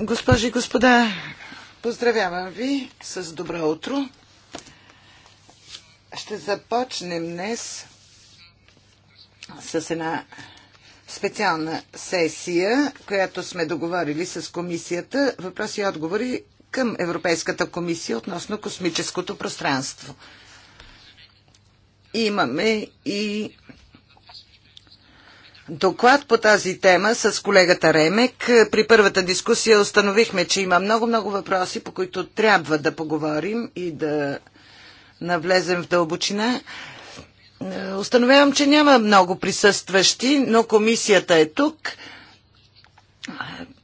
Госпожи и господа, поздравявам ви с добро утро. Ще започнем днес с една специална сесия, която сме договорили с комисията въпроси и отговори към Европейската комисия относно космическото пространство. имаме и доклад по тази тема с колегата Ремек. При първата дискусия установихме, че има много-много въпроси, по които трябва да поговорим и да навлезем в дълбочина. Установявам, че няма много присъстващи, но комисията е тук.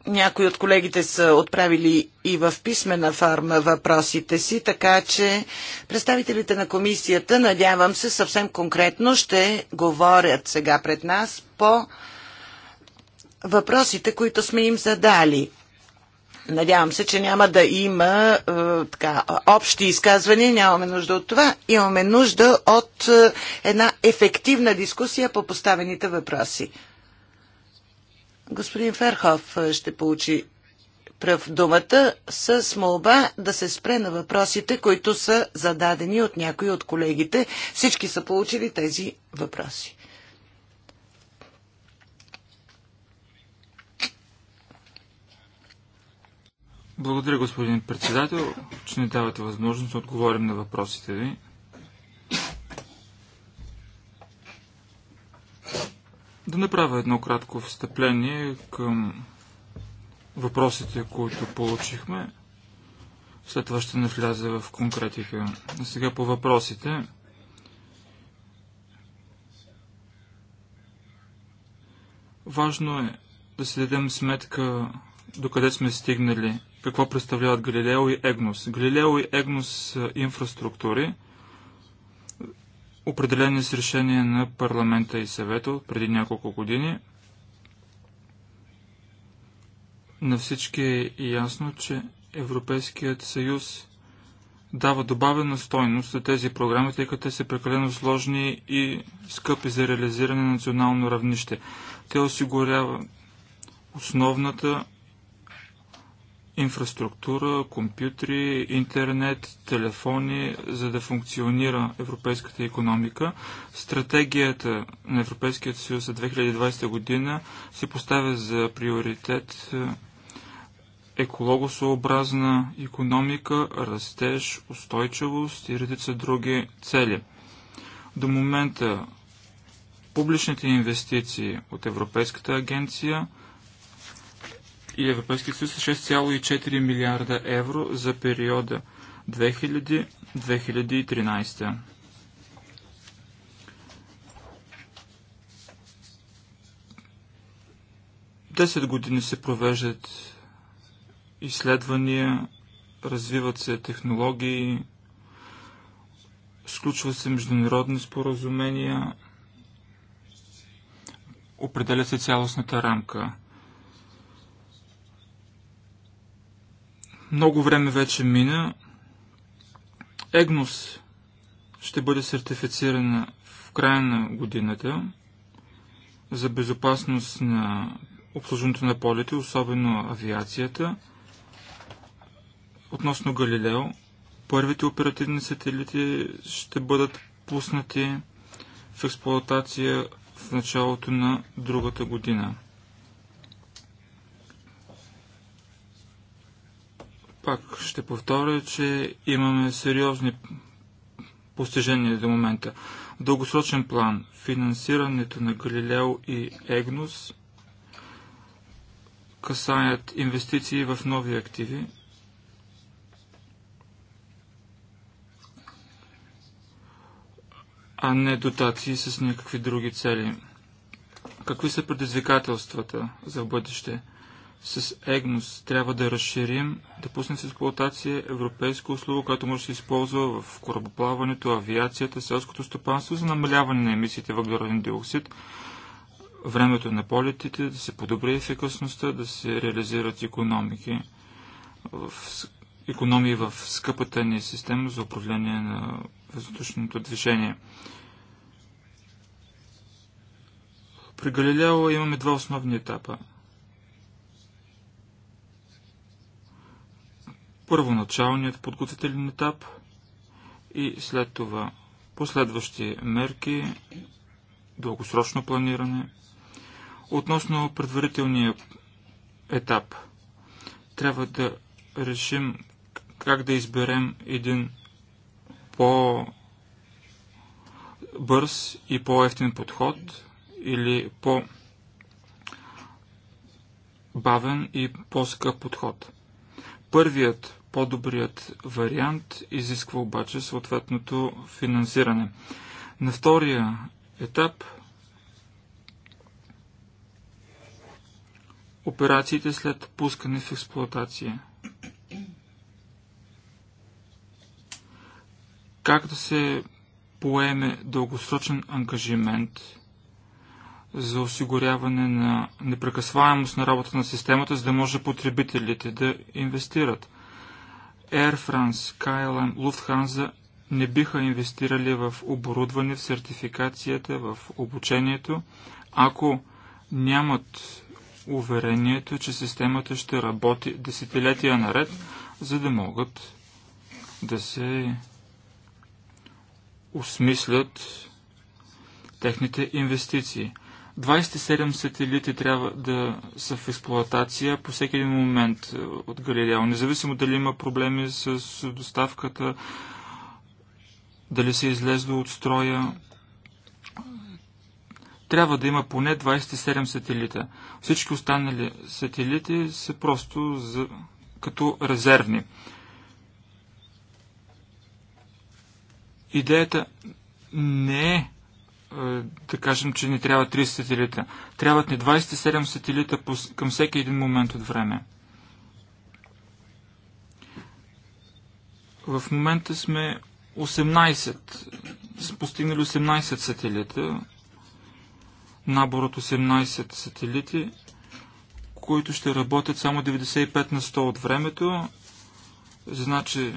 Някои от колегите са отправили и в писмена форма въпросите си, така че представителите на комисията, надявам се, съвсем конкретно ще говорят сега пред нас по въпросите, които сме им задали. Надявам се, че няма да има е, така, общи изказвания. Нямаме нужда от това. Имаме нужда от е, една ефективна дискусия по поставените въпроси. Господин Ферхов ще получи пръв думата с молба да се спре на въпросите, които са зададени от някои от колегите. Всички са получили тези въпроси. Благодаря, господин председател, че не давате възможност да отговорим на въпросите ви. Да направя едно кратко встъпление към въпросите, които получихме. След това ще навляза в конкретика. А сега по въпросите. Важно е да си дадем сметка докъде сме стигнали, какво представляват Галилео и Егнос. Галилео и Егнос са инфраструктури – определени с решение на парламента и съвета преди няколко години. На всички е ясно, че Европейският съюз дава добавена стойност за тези програми, тъй като те са прекалено сложни и скъпи за реализиране на национално равнище. Те осигуряват основната инфраструктура, компютри, интернет, телефони, за да функционира европейската економика. Стратегията на Европейския съюз за 2020 година се поставя за приоритет е, екологосообразна економика, растеж, устойчивост и редица други цели. До момента публичните инвестиции от Европейската агенция – и Европейския съюз 6,4 е милиарда евро за периода 2000-2013. Десет години се провеждат изследвания, развиват се технологии, сключват се международни споразумения, определя се цялостната рамка. Много време вече мина. Егнос ще бъде сертифицирана в края на годината за безопасност на обслужването на полите, особено авиацията. Относно Галилео, първите оперативни сателити ще бъдат пуснати в експлоатация в началото на другата година. Пак ще повторя, че имаме сериозни постижения до момента. дългосрочен план финансирането на Галилео и Егнос касаят инвестиции в нови активи. а не дотации с някакви други цели. Какви са предизвикателствата за бъдеще? С ЕГНОС трябва да разширим, да пуснем с експлуатация европейска услуга, която може да се използва в корабоплаването, авиацията, селското стопанство за намаляване на емисиите въглероден диоксид, времето на полетите, да се подобри ефикасността, да се реализират економики в економии в скъпата ни система за управление на въздушното движение. При Галилео имаме два основни етапа – първоначалният подготвителен етап и след това последващи мерки, дългосрочно планиране. Относно предварителния етап, трябва да решим как да изберем един по бърз и по-ефтин подход или по-бавен и по-скъп подход. Първият, по-добрият вариант изисква обаче съответното финансиране. На втория етап операциите след пускане в експлоатация. Как да се поеме дългосрочен ангажимент – за осигуряване на непрекъсваемост на работа на системата, за да може потребителите да инвестират. Air France, KLM, Lufthansa не биха инвестирали в оборудване, в сертификацията, в обучението, ако нямат уверението, че системата ще работи десетилетия наред, за да могат да се осмислят техните инвестиции. 27 сателити трябва да са в експлоатация по всеки един момент е, от Галилео, независимо дали има проблеми с доставката, дали се излезло от строя. Трябва да има поне 27 сателита. Всички останали сателити са просто за... като резервни. Идеята не е е, да кажем, че ни трябва 30 сателита. Трябват ни 27 сателита към всеки един момент от време. В момента сме 18, постигнали 18 сателита, набор от 18 сателити, които ще работят само 95 на 100 от времето. Значи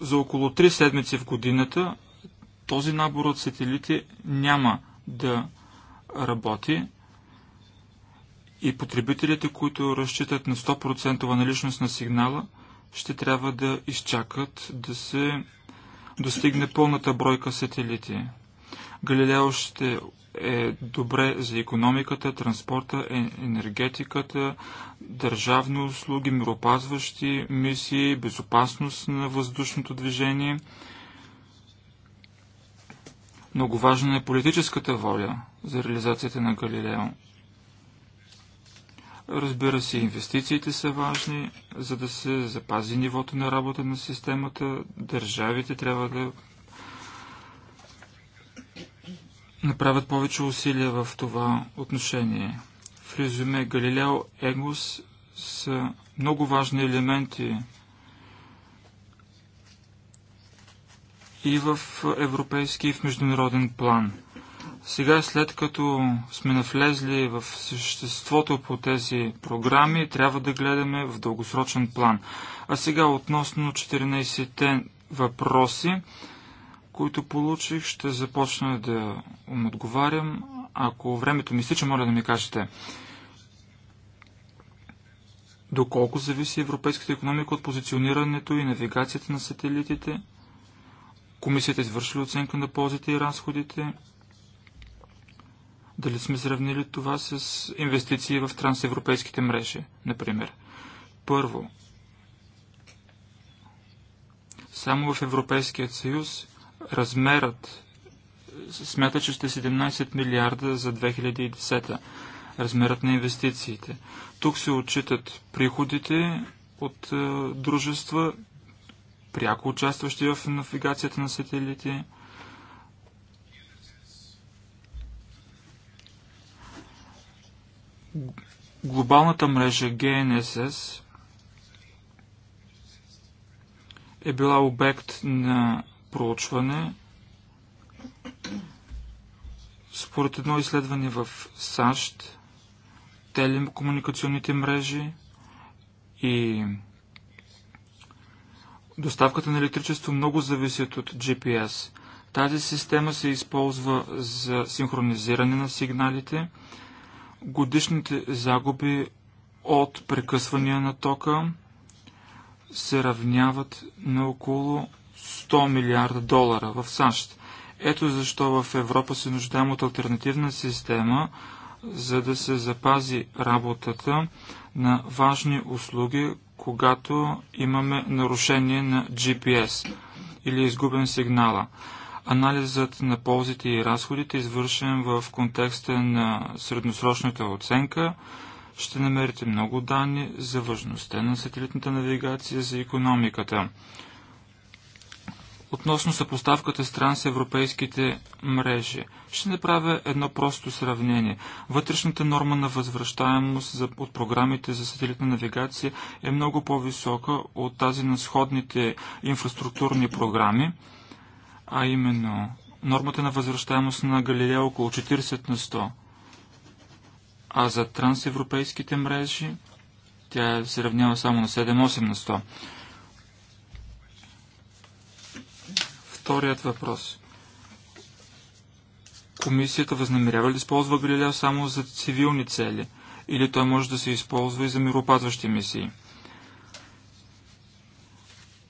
за около 3 седмици в годината този набор от сателити няма да работи и потребителите, които разчитат на 100% наличност на сигнала, ще трябва да изчакат да се достигне пълната бройка сателити. Галилео ще е добре за економиката, транспорта, е, енергетиката, държавни услуги, миропазващи мисии, безопасност на въздушното движение – много важна е политическата воля за реализацията на Галилео. Разбира се, инвестициите са важни, за да се запази нивото на работа на системата. Държавите трябва да направят повече усилия в това отношение. В резюме Галилео Егос са много важни елементи и в европейски и в международен план. Сега, след като сме навлезли в съществото по тези програми, трябва да гледаме в дългосрочен план. А сега относно 14-те въпроси, които получих, ще започна да им отговарям. Ако времето ми стича, моля да ми кажете. Доколко зависи европейската економика от позиционирането и навигацията на сателитите? Комисията извърши ли оценка на ползите и разходите? Дали сме сравнили това с инвестиции в трансевропейските мрежи, например? Първо, само в Европейският съюз размерът смята, че ще 17 е милиарда за 2010 размерът на инвестициите. Тук се отчитат приходите от е, дружества пряко участващи в навигацията на сателите. Глобалната мрежа GNSS е била обект на проучване според едно изследване в САЩ, телекомуникационните мрежи и Доставката на електричество много зависят от GPS. Тази система се използва за синхронизиране на сигналите. Годишните загуби от прекъсвания на тока се равняват на около 100 милиарда долара в САЩ. Ето защо в Европа се нуждаем от альтернативна система, за да се запази работата на важни услуги, когато имаме нарушение на GPS или изгубен сигнала. Анализът на ползите и разходите, извършен в контекста на средносрочната оценка, ще намерите много данни за важността на сателитната навигация за економиката относно съпоставката с трансевропейските мрежи. Ще направя едно просто сравнение. Вътрешната норма на възвръщаемост за, от програмите за сателитна навигация е много по-висока от тази на сходните инфраструктурни програми, а именно нормата на възвръщаемост на Галилея около 40 на 100, а за трансевропейските мрежи тя се равнява само на 7-8 на 100. Вторият въпрос. Комисията възнамерява ли да използва Галилео само за цивилни цели? Или той може да се използва и за миропазващи мисии?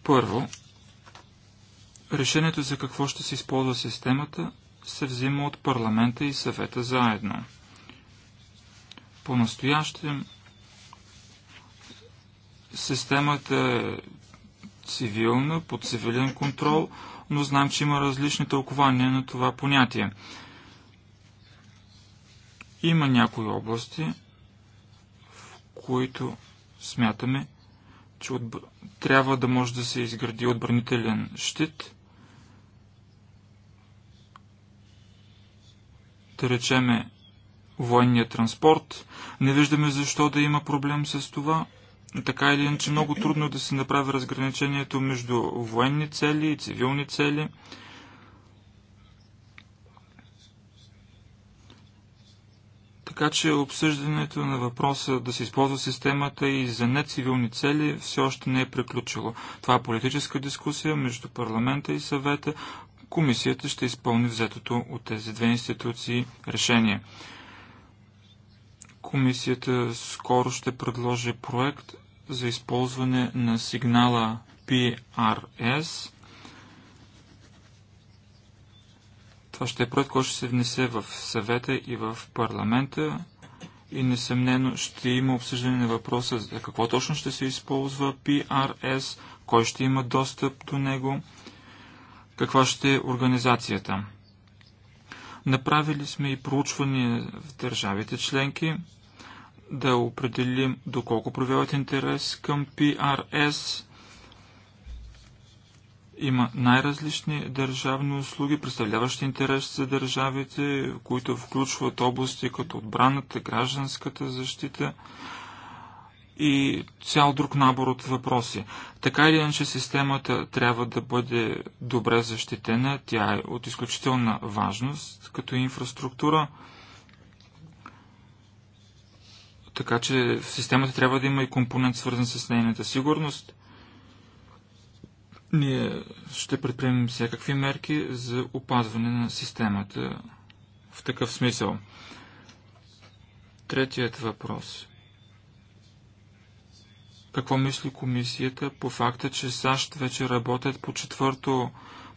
Първо, решението за какво ще се използва системата се взима от парламента и съвета заедно. По-настоящем системата е цивилна, под цивилен контрол – но знам, че има различни тълкования на това понятие. Има някои области, в които смятаме, че отб... трябва да може да се изгради отбранителен щит, да речеме военния транспорт. Не виждаме защо да има проблем с това, така или иначе много трудно е да се направи разграничението между военни цели и цивилни цели. Така че обсъждането на въпроса да се използва системата и за нецивилни цели все още не е приключило. Това е политическа дискусия между парламента и съвета. Комисията ще изпълни взетото от тези две институции решение. Комисията скоро ще предложи проект за използване на сигнала PRS. Това ще е проект, който ще се внесе в съвета и в парламента и несъмнено ще има обсъждане на въпроса за какво точно ще се използва PRS, кой ще има достъп до него, каква ще е организацията. Направили сме и проучвания в държавите членки – да определим доколко проявяват интерес към PRS. Има най-различни държавни услуги, представляващи интерес за държавите, които включват области като отбраната, гражданската защита и цял друг набор от въпроси. Така или иначе системата трябва да бъде добре защитена, тя е от изключителна важност като инфраструктура. Така че в системата трябва да има и компонент свързан с нейната сигурност. Ние ще предприемем всякакви мерки за опазване на системата в такъв смисъл. Третият въпрос. Какво мисли комисията по факта, че САЩ вече работят по четвърто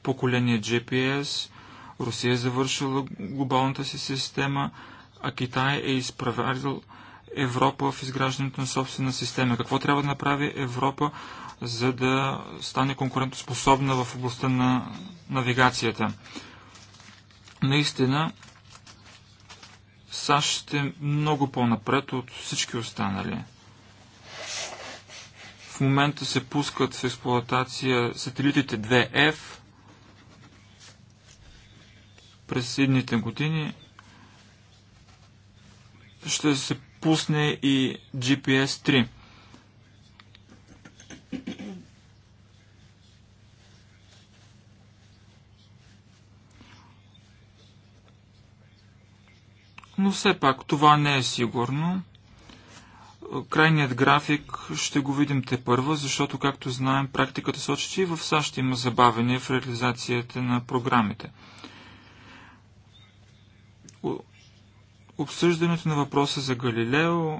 поколение GPS, Русия е завършила глобалната си система, а Китай е изправил Европа в изграждането на собствена система? Какво трябва да направи Европа, за да стане конкурентоспособна в областта на навигацията? Наистина, САЩ е много по-напред от всички останали. В момента се пускат в експлоатация сателитите 2F. През едните години ще се пусне и GPS 3. Но все пак това не е сигурно. Крайният график ще го видим те първа, защото, както знаем, практиката сочи, че и в САЩ има забавене в реализацията на програмите. Обсъждането на въпроса за Галилео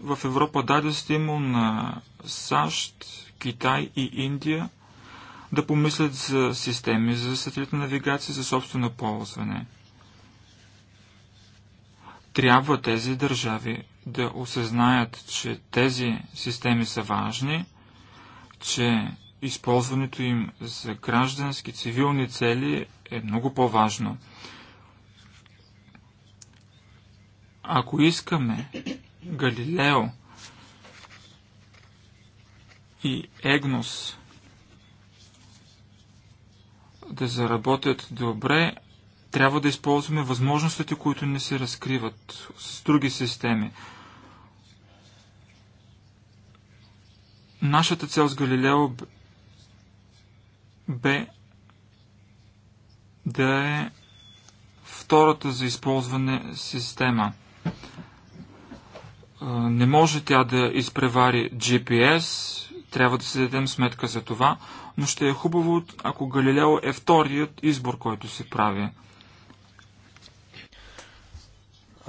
в Европа даде стимул на САЩ, Китай и Индия да помислят за системи за сателитна навигация за собствено ползване. Трябва тези държави да осъзнаят, че тези системи са важни, че използването им за граждански, цивилни цели е много по-важно. Ако искаме Галилео и Егнос да заработят добре, трябва да използваме възможностите, които не се разкриват с други системи. Нашата цел с Галилео бе да е втората за използване система – не може тя да изпревари GPS, трябва да се дадем сметка за това, но ще е хубаво, ако Галилео е вторият избор, който се прави.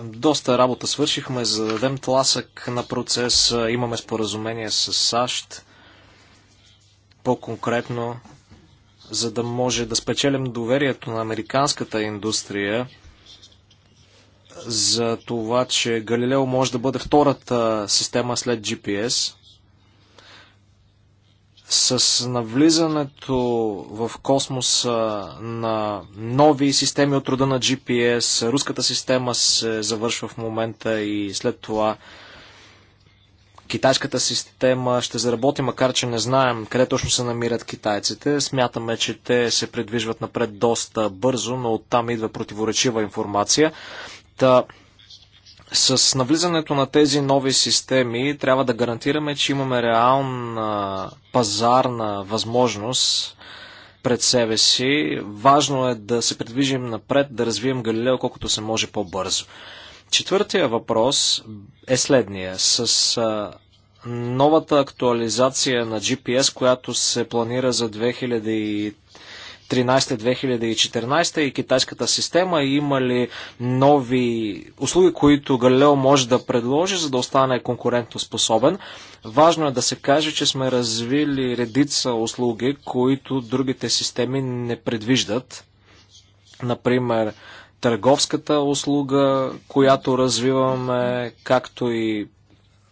Доста работа свършихме, за да дадем тласък на процес. Имаме споразумение с САЩ, по-конкретно, за да може да спечелим доверието на американската индустрия – за това, че Галилео може да бъде втората система след GPS. С навлизането в космоса на нови системи от рода на GPS, руската система се завършва в момента и след това китайската система ще заработи, макар че не знаем къде точно се намират китайците. Смятаме, че те се придвижват напред доста бързо, но оттам идва противоречива информация. Та, с навлизането на тези нови системи трябва да гарантираме, че имаме реална пазарна възможност пред себе си. Важно е да се придвижим напред, да развием Галилео колкото се може по-бързо. Четвъртия въпрос е следния. С а, новата актуализация на GPS, която се планира за 2013-2014 и китайската система? Има ли нови услуги, които Галилео може да предложи, за да остане конкурентно способен? Важно е да се каже, че сме развили редица услуги, които другите системи не предвиждат. Например, търговската услуга, която развиваме, както и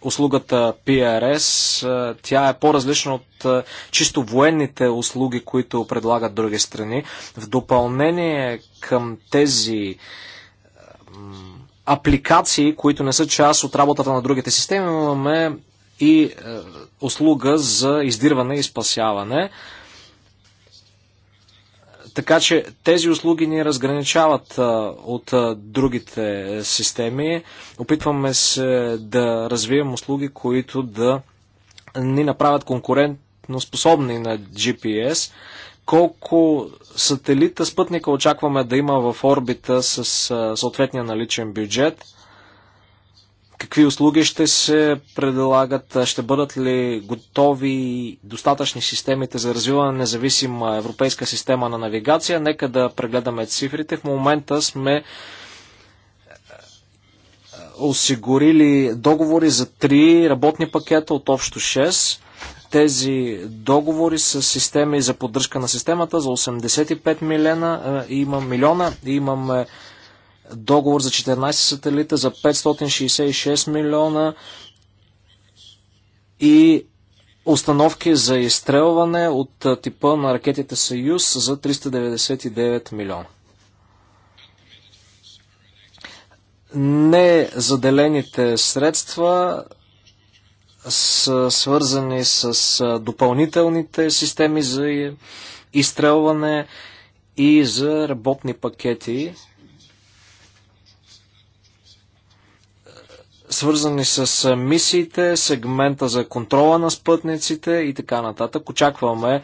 услугата PRS. Тя е по-различна от чисто военните услуги, които предлагат други страни. В допълнение към тези апликации, които не са част от работата на другите системи, имаме и услуга за издирване и спасяване. Така че тези услуги ни разграничават а, от а, другите е, системи. Опитваме се да развием услуги, които да ни направят конкурентно способни на GPS. Колко сателита спътника очакваме да има в орбита с а, съответния наличен бюджет? Какви услуги ще се предлагат? Ще бъдат ли готови достатъчни системите за развиване на независима европейска система на навигация? Нека да прегледаме цифрите. В момента сме осигурили договори за 3 работни пакета от общо 6 тези договори с системи за поддръжка на системата за 85 милиона. Има милиона. Имаме договор за 14 сателита за 566 милиона и установки за изстрелване от типа на ракетите Съюз за 399 милиона. Не заделените средства са свързани с допълнителните системи за изстрелване и за работни пакети свързани с мисиите, сегмента за контрола на спътниците и така нататък. Очакваме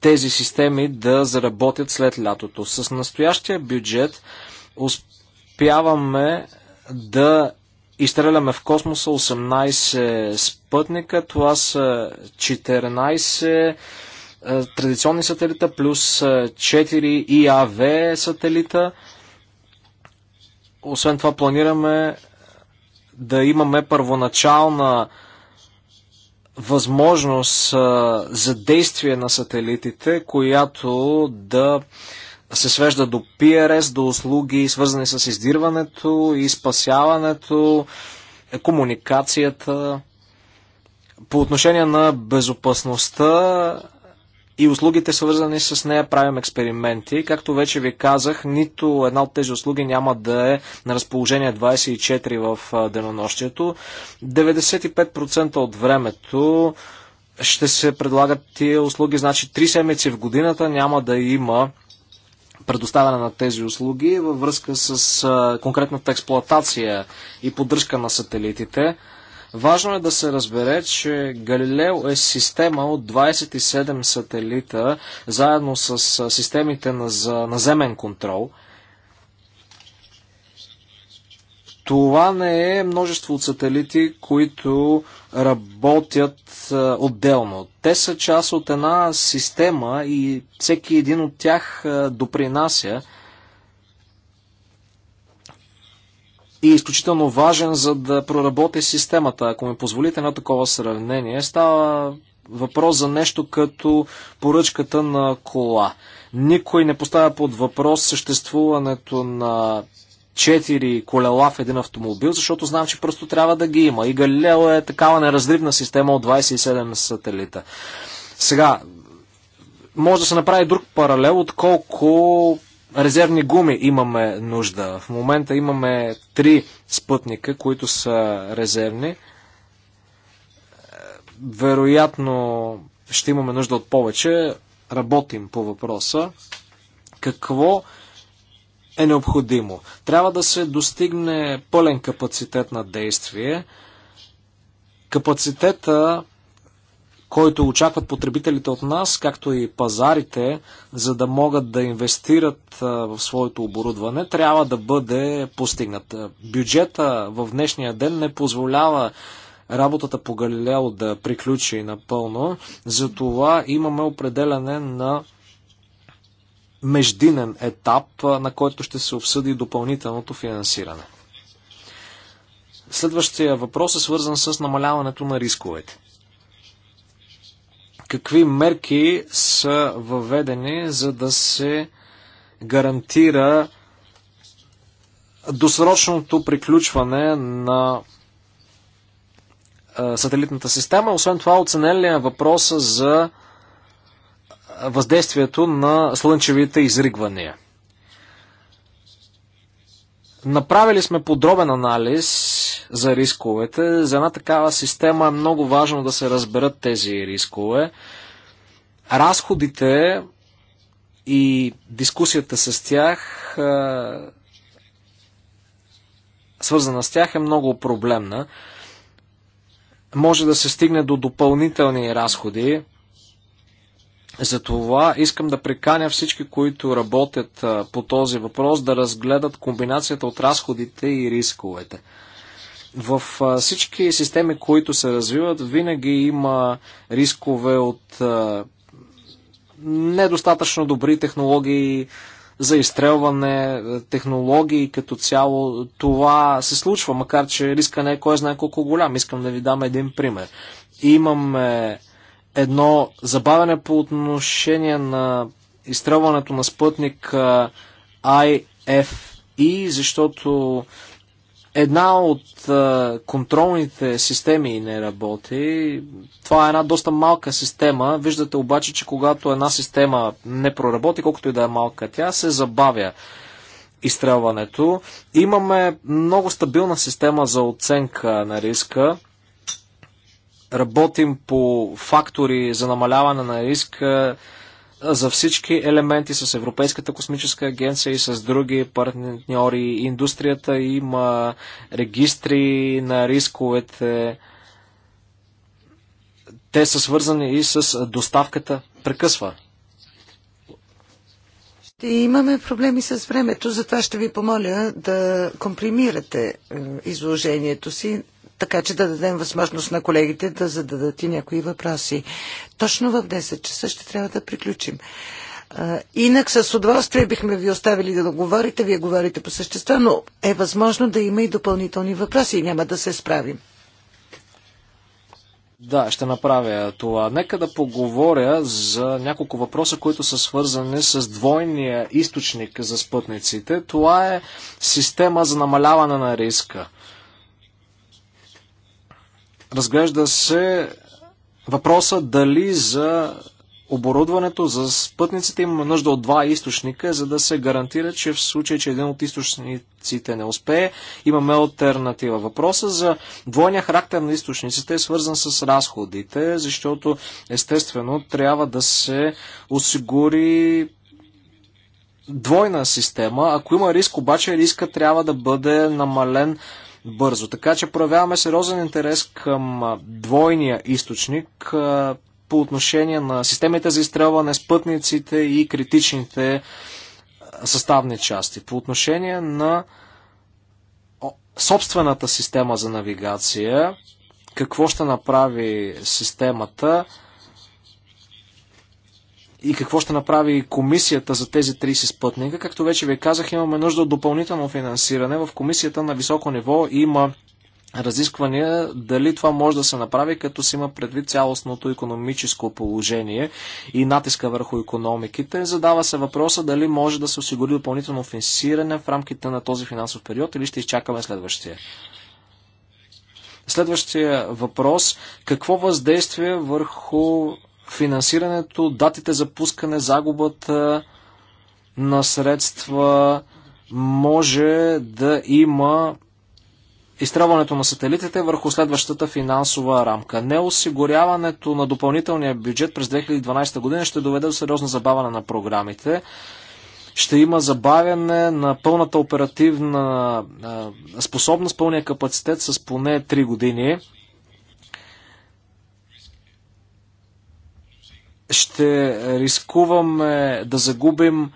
тези системи да заработят след лятото. С настоящия бюджет успяваме да изстреляме в космоса 18 спътника. Това са 14 е, традиционни сателита плюс 4 е, ИАВ сателита. Освен това планираме да имаме първоначална възможност за действие на сателитите, която да се свежда до PRS, до услуги, свързани с издирването и спасяването, комуникацията. По отношение на безопасността, и услугите свързани с нея правим експерименти. Както вече ви казах, нито една от тези услуги няма да е на разположение 24 в денонощието. 95% от времето ще се предлагат тия услуги, значи 3 седмици в годината няма да има предоставяне на тези услуги във връзка с конкретната експлоатация и поддръжка на сателитите. Важно е да се разбере, че Галилео е система от 27 сателита, заедно с системите на, за наземен контрол. Това не е множество от сателити, които работят отделно. Те са част от една система и всеки един от тях допринася и изключително важен, за да проработи системата. Ако ми позволите едно такова сравнение, става въпрос за нещо като поръчката на кола. Никой не поставя под въпрос съществуването на четири колела в един автомобил, защото знам, че просто трябва да ги има. И Галилео е такава неразривна система от 27 сателита. Сега, може да се направи друг паралел, отколко резервни гуми имаме нужда. В момента имаме три спътника, които са резервни. Вероятно ще имаме нужда от повече. Работим по въпроса. Какво е необходимо? Трябва да се достигне пълен капацитет на действие. Капацитета който очакват потребителите от нас, както и пазарите, за да могат да инвестират в своето оборудване, трябва да бъде постигнат. Бюджета в днешния ден не позволява работата по Галилео да приключи напълно, затова имаме определяне на междинен етап, на който ще се обсъди допълнителното финансиране. Следващия въпрос е свързан с намаляването на рисковете какви мерки са въведени, за да се гарантира досрочното приключване на сателитната система. Освен това, оценен ли е въпроса за въздействието на слънчевите изригвания? Направили сме подробен анализ за рисковете. За една такава система е много важно да се разберат тези рискове. Разходите и дискусията с тях, е, свързана с тях, е много проблемна. Може да се стигне до допълнителни разходи. Затова искам да приканя всички, които работят е, по този въпрос, да разгледат комбинацията от разходите и рисковете. В всички системи, които се развиват, винаги има рискове от недостатъчно добри технологии за изстрелване, технологии като цяло. Това се случва, макар че риска не е кой знае колко голям. Искам да ви дам един пример. Имаме едно забавяне по отношение на изстрелването на спътник IFE, защото една от а, контролните системи не работи. Това е една доста малка система. Виждате обаче, че когато една система не проработи, колкото и да е малка, тя се забавя изстрелването. Имаме много стабилна система за оценка на риска. Работим по фактори за намаляване на риска за всички елементи с Европейската космическа агенция и с други партньори. Индустрията има регистри на рисковете. Те са свързани и с доставката. Прекъсва. Ще имаме проблеми с времето, затова ще ви помоля да компримирате е, изложението си така че да дадем възможност на колегите да зададат и някои въпроси. Точно в 10 часа ще трябва да приключим. Инак с удоволствие бихме ви оставили да говорите, вие говорите по същество, но е възможно да има и допълнителни въпроси и няма да се справим. Да, ще направя това. Нека да поговоря за няколко въпроса, които са свързани с двойния източник за спътниците. Това е система за намаляване на риска. Разглежда се въпроса дали за оборудването за спътниците има нужда от два източника, за да се гарантира, че в случай, че един от източниците не успее, имаме альтернатива. Въпроса за двойния характер на източниците е свързан с разходите, защото естествено трябва да се осигури двойна система. Ако има риск, обаче риска трябва да бъде намален бързо. Така че проявяваме сериозен интерес към двойния източник по отношение на системите за изстрелване, спътниците и критичните съставни части. По отношение на собствената система за навигация, какво ще направи системата, и какво ще направи комисията за тези 30 спътника. Както вече ви казах, имаме нужда от допълнително финансиране. В комисията на високо ниво има разисквания дали това може да се направи, като се има предвид цялостното економическо положение и натиска върху економиките. Задава се въпроса дали може да се осигури допълнително финансиране в рамките на този финансов период или ще изчакаме следващия. Следващия въпрос. Какво въздействие върху финансирането, датите за пускане, загубата на средства, може да има изтръбването на сателитите върху следващата финансова рамка. Неосигуряването на допълнителния бюджет през 2012 година ще доведе до сериозно забавяне на програмите. Ще има забавяне на пълната оперативна способност, пълния капацитет с поне 3 години. ще рискуваме да загубим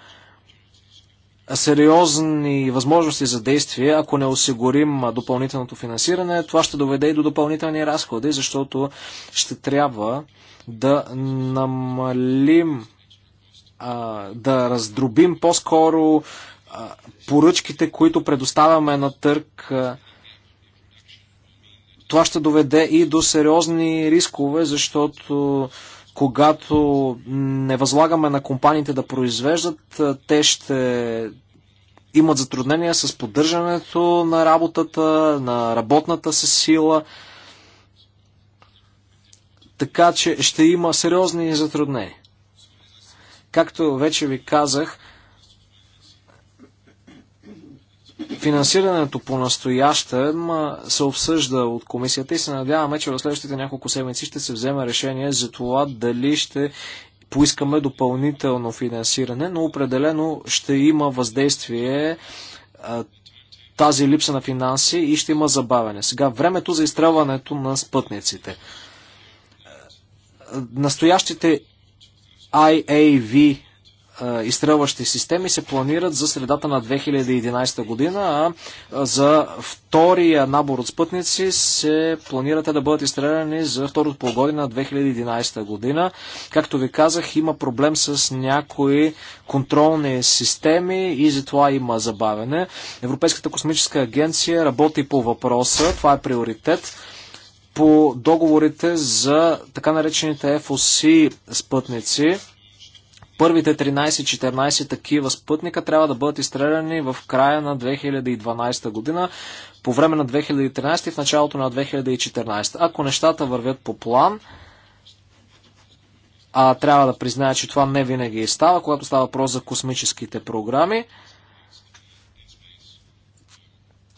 сериозни възможности за действие, ако не осигурим допълнителното финансиране, това ще доведе и до допълнителни разходи, защото ще трябва да намалим, да раздробим по-скоро поръчките, които предоставяме на търг. Това ще доведе и до сериозни рискове, защото когато не възлагаме на компаниите да произвеждат, е, те ще имат затруднения с поддържането на работата, на работната си сила. Така че ще има сериозни затруднения. Както вече ви казах, Финансирането по настоящем се обсъжда от комисията и се надяваме, че в следващите няколко седмици ще се вземе решение за това дали ще поискаме допълнително финансиране, но определено ще има въздействие тази липса на финанси и ще има забавяне. Сега времето за изстрелването на спътниците. Настоящите IAV изстрелващи системи се планират за средата на 2011 година, а за втория набор от спътници се планират да бъдат изстреляни за второто полугодие на 2011 година. Както ви казах, има проблем с някои контролни системи и затова има забавене. Европейската космическа агенция работи по въпроса, това е приоритет по договорите за така наречените FOC спътници Първите 13-14 такива спътника трябва да бъдат изстреляни в края на 2012 година, по време на 2013 и в началото на 2014. Ако нещата вървят по план, а трябва да призная, че това не винаги става, когато става въпрос за космическите програми,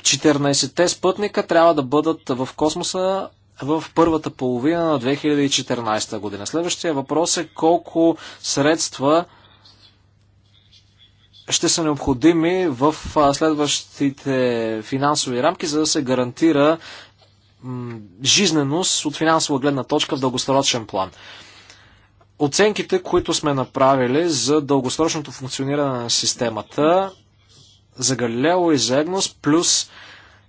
14-те спътника трябва да бъдат в космоса в първата половина на 2014 година. Следващия въпрос е колко средства ще са необходими в следващите финансови рамки, за да се гарантира жизненост от финансова гледна точка в дългосрочен план. Оценките, които сме направили за дългосрочното функциониране на системата за Галилео и за Егнос, плюс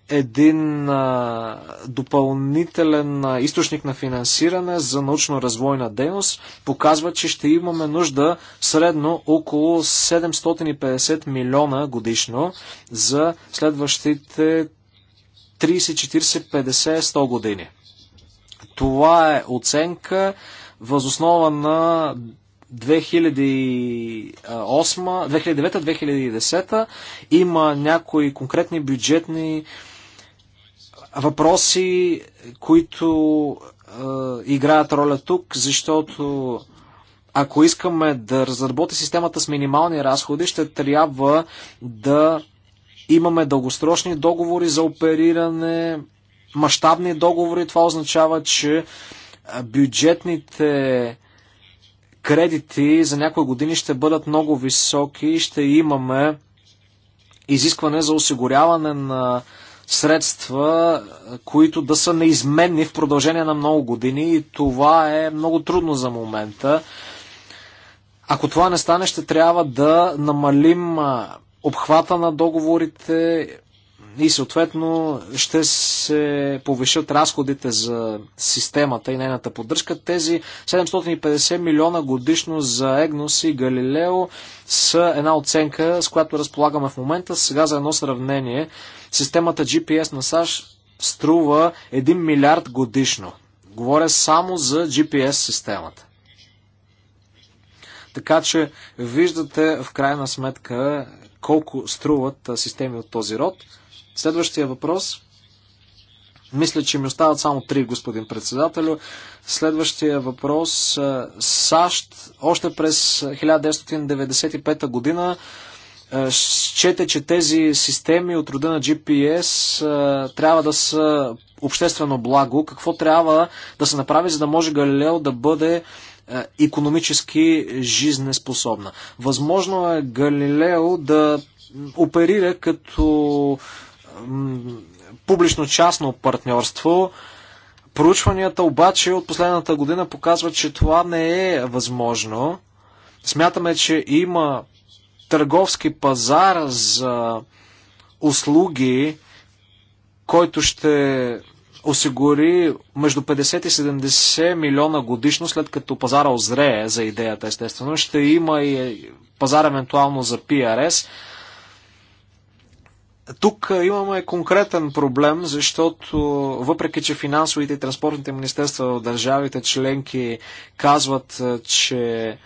един а, допълнителен а, източник на финансиране за научно-развойна дейност показва, че ще имаме нужда средно около 750 милиона годишно за следващите 30, 40, 50, 100 години. Това е оценка възоснова на 2008-2009-2010 има някои конкретни бюджетни въпроси, които е, играят роля тук, защото ако искаме да разработи системата с минимални разходи, ще трябва да имаме дългосрочни договори за опериране, мащабни договори. Това означава, че бюджетните кредити за някои години ще бъдат много високи и ще имаме изискване за осигуряване на средства, които да са неизменни в продължение на много години и това е много трудно за момента. Ако това не стане, ще трябва да намалим обхвата на договорите и съответно ще се повишат разходите за системата и нейната поддръжка. Тези 750 милиона годишно за Егнос и Галилео са една оценка, с която разполагаме в момента. Сега за едно сравнение Системата GPS на САЩ струва 1 милиард годишно. Говоря само за GPS системата. Така че виждате в крайна сметка колко струват системи от този род. Следващия въпрос. Мисля, че ми остават само три, господин председателю. Следващия въпрос. САЩ още през 1995 година е, счете, че тези системи от рода на GPS е, трябва да са обществено благо. Какво трябва да се направи, за да може Галилео да бъде економически жизнеспособна? Възможно е Галилео да оперира като публично-частно партньорство. Проучванията обаче от последната година показват, че това не е възможно. Смятаме, че има търговски пазар за услуги, който ще осигури между 50 и 70 милиона годишно, след като пазара озрее за идеята, естествено. Ще има и пазар евентуално за PRS. Тук имаме конкретен проблем, защото въпреки, че финансовите и транспортните министерства в държавите членки казват, че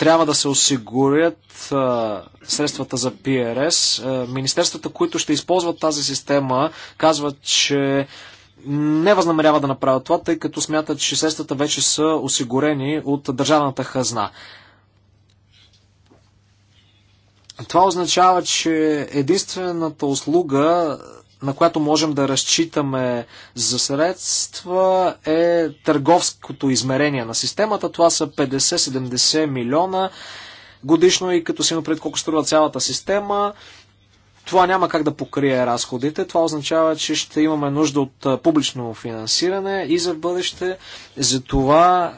трябва да се осигурят а, средствата за ПРС. А, министерствата, които ще използват тази система, казват, че не възнамерява да направят това, тъй като смятат, че средствата вече са осигурени от държавната хазна. Това означава, че единствената услуга на която можем да разчитаме за средства е търговското измерение на системата. Това са 50-70 милиона годишно и като си има колко струва цялата система, това няма как да покрие разходите. Това означава, че ще имаме нужда от публично финансиране и за бъдеще. Затова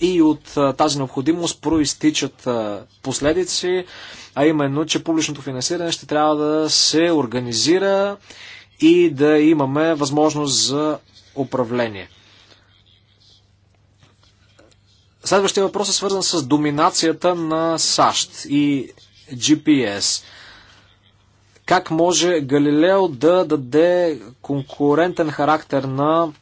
и от тази необходимост проистичат последици а именно, че публичното финансиране ще трябва да се организира и да имаме възможност за управление. Следващия въпрос е свързан с доминацията на САЩ и GPS. Как може Галилео да даде конкурентен характер на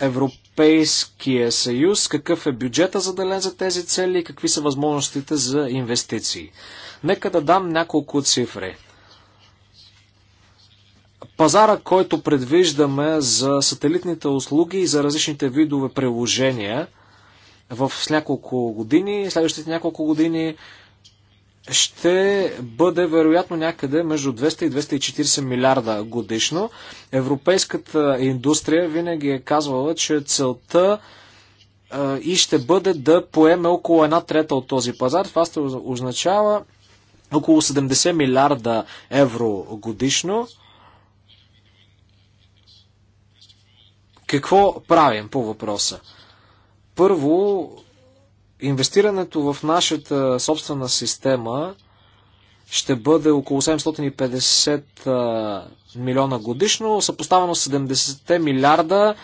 Европейския съюз? Какъв е бюджета заделен за тези цели? и Какви са възможностите за инвестиции? Нека да дам няколко цифри. Пазара, който предвиждаме за сателитните услуги и за различните видове приложения в няколко години, следващите няколко години, ще бъде вероятно някъде между 200 и 240 милиарда годишно. Европейската индустрия винаги е казвала, че целта и ще бъде да поеме около една трета от този пазар. Това ще означава около 70 милиарда евро годишно. Какво правим по въпроса? Първо, инвестирането в нашата собствена система ще бъде около 750 милиона годишно, съпоставено с 70 милиарда.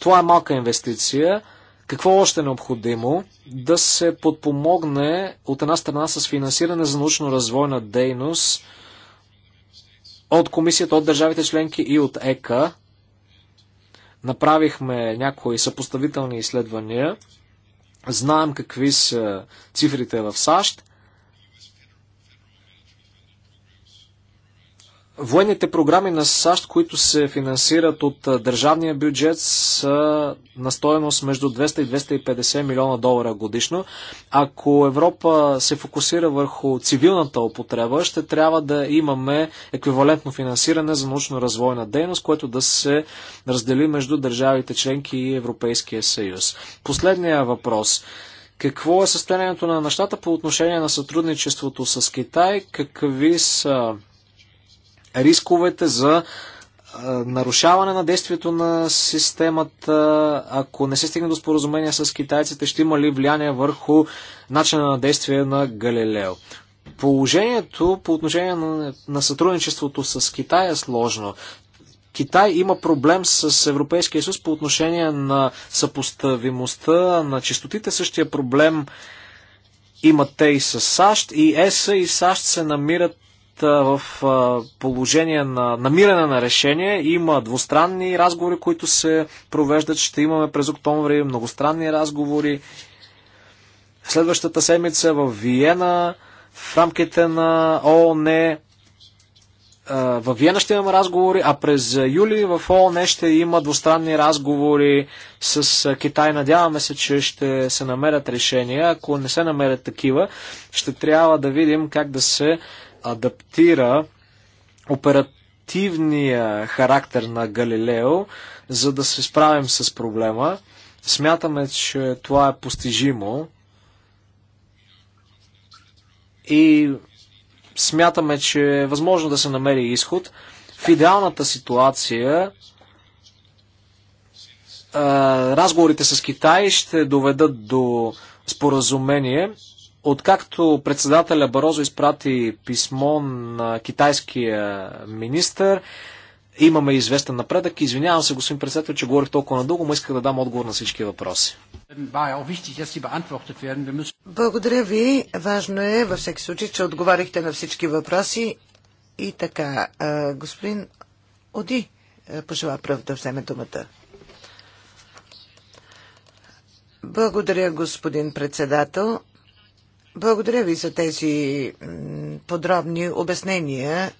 Това е малка инвестиция. Какво още е необходимо? Да се подпомогне от една страна с финансиране за научно-развойна дейност от комисията, от държавите членки и от ЕКА. Направихме някои съпоставителни изследвания. Знаем какви са цифрите в САЩ. Военните програми на САЩ, които се финансират от държавния бюджет, са на стоеност между 200 и 250 милиона долара годишно. Ако Европа се фокусира върху цивилната употреба, ще трябва да имаме еквивалентно финансиране за научно-развойна дейност, което да се раздели между държавите членки и Европейския съюз. Последния въпрос. Какво е състоянието на нещата по отношение на сътрудничеството с Китай? Какви са рисковете за нарушаване на действието на системата, ако не се стигне до споразумение с китайците, ще има ли влияние върху начина на действие на Галилео? Положението по отношение на, на сътрудничеството с Китай е сложно. Китай има проблем с Европейския съюз по отношение на съпоставимостта на частотите. Същия проблем имат те и с САЩ. И ЕСА и САЩ се намират в положение на намиране на решение. Има двустранни разговори, които се провеждат. Ще имаме през октомври многостранни разговори. Следващата седмица в Виена в рамките на ООН в Виена ще имаме разговори, а през юли в ООН е ще има двустранни разговори с Китай. Надяваме се, че ще се намерят решения. Ако не се намерят такива, ще трябва да видим как да се адаптира оперативния характер на Галилео, за да се справим с проблема. Смятаме, че това е постижимо. И смятаме, че е възможно да се намери изход. В идеалната ситуация разговорите с Китай ще доведат до споразумение. Откакто председателя Барозо изпрати писмо на китайския министр, имаме известен напредък. Извинявам се, господин председател, че говорих толкова надълго, но исках да дам отговор на всички въпроси. Благодаря ви. Важно е във всеки случай, че отговарихте на всички въпроси. И така, господин Оди пожела пръв да вземе думата. Благодаря, господин председател. Благодаря ви за тези подробни обяснения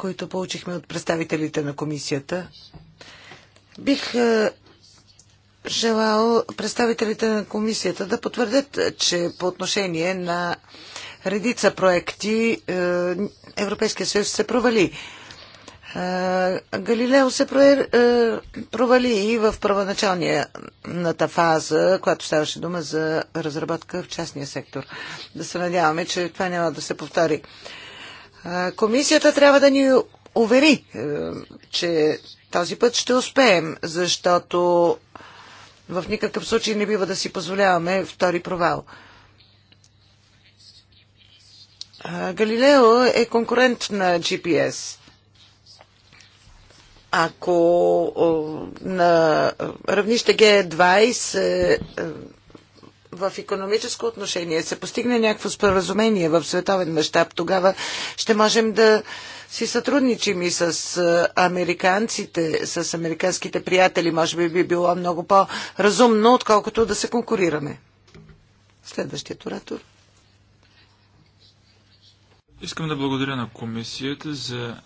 които получихме от представителите на комисията. Бих е, желал представителите на комисията да потвърдят, че по отношение на редица проекти е, Европейския съюз се провали. Е, Галилео се провали и в първоначалната фаза, която ставаше дума за разработка в частния сектор. Да се надяваме, че това няма да се повтори. Комисията трябва да ни увери, е, че този път ще успеем, защото в никакъв случай не бива да си позволяваме втори провал. Галилео е конкурент на GPS. Ако на равнище G20 в економическо отношение се постигне някакво споразумение в световен мащаб, тогава ще можем да си сътрудничим и с американците, с американските приятели. Може би би било много по-разумно, отколкото да се конкурираме. Следващият оратор. Искам да благодаря на комисията за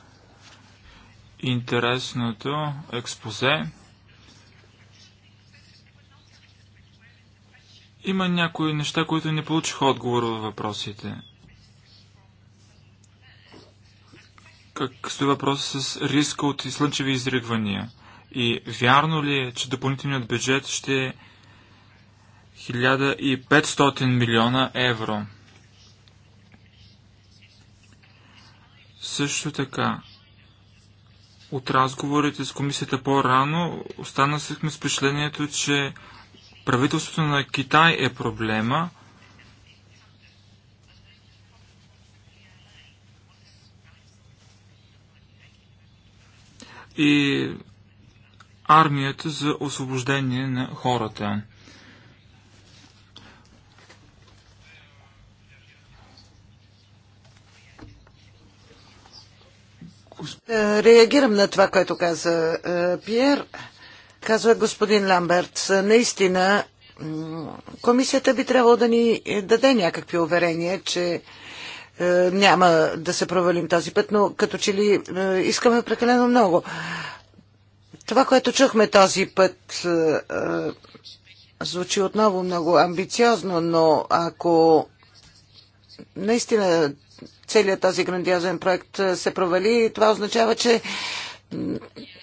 интересното експозе. Има някои неща, които не получих отговор във въпросите. Как стои въпрос с риска от слънчеви изригвания? И вярно ли е, че допълнителният бюджет ще е 1500 милиона евро? Също така, от разговорите с комисията по-рано, останахме с впечатлението, че Правителството на Китай е проблема. И армията за освобождение на хората. Е, реагирам на това, което каза е, Пьер казва господин Ламберт. Наистина, комисията би трябвало да ни даде някакви уверения, че е, няма да се провалим този път, но като че ли е, искаме прекалено много. Това, което чухме този път, е, звучи отново много амбициозно, но ако наистина целият този грандиозен проект се провали, това означава, че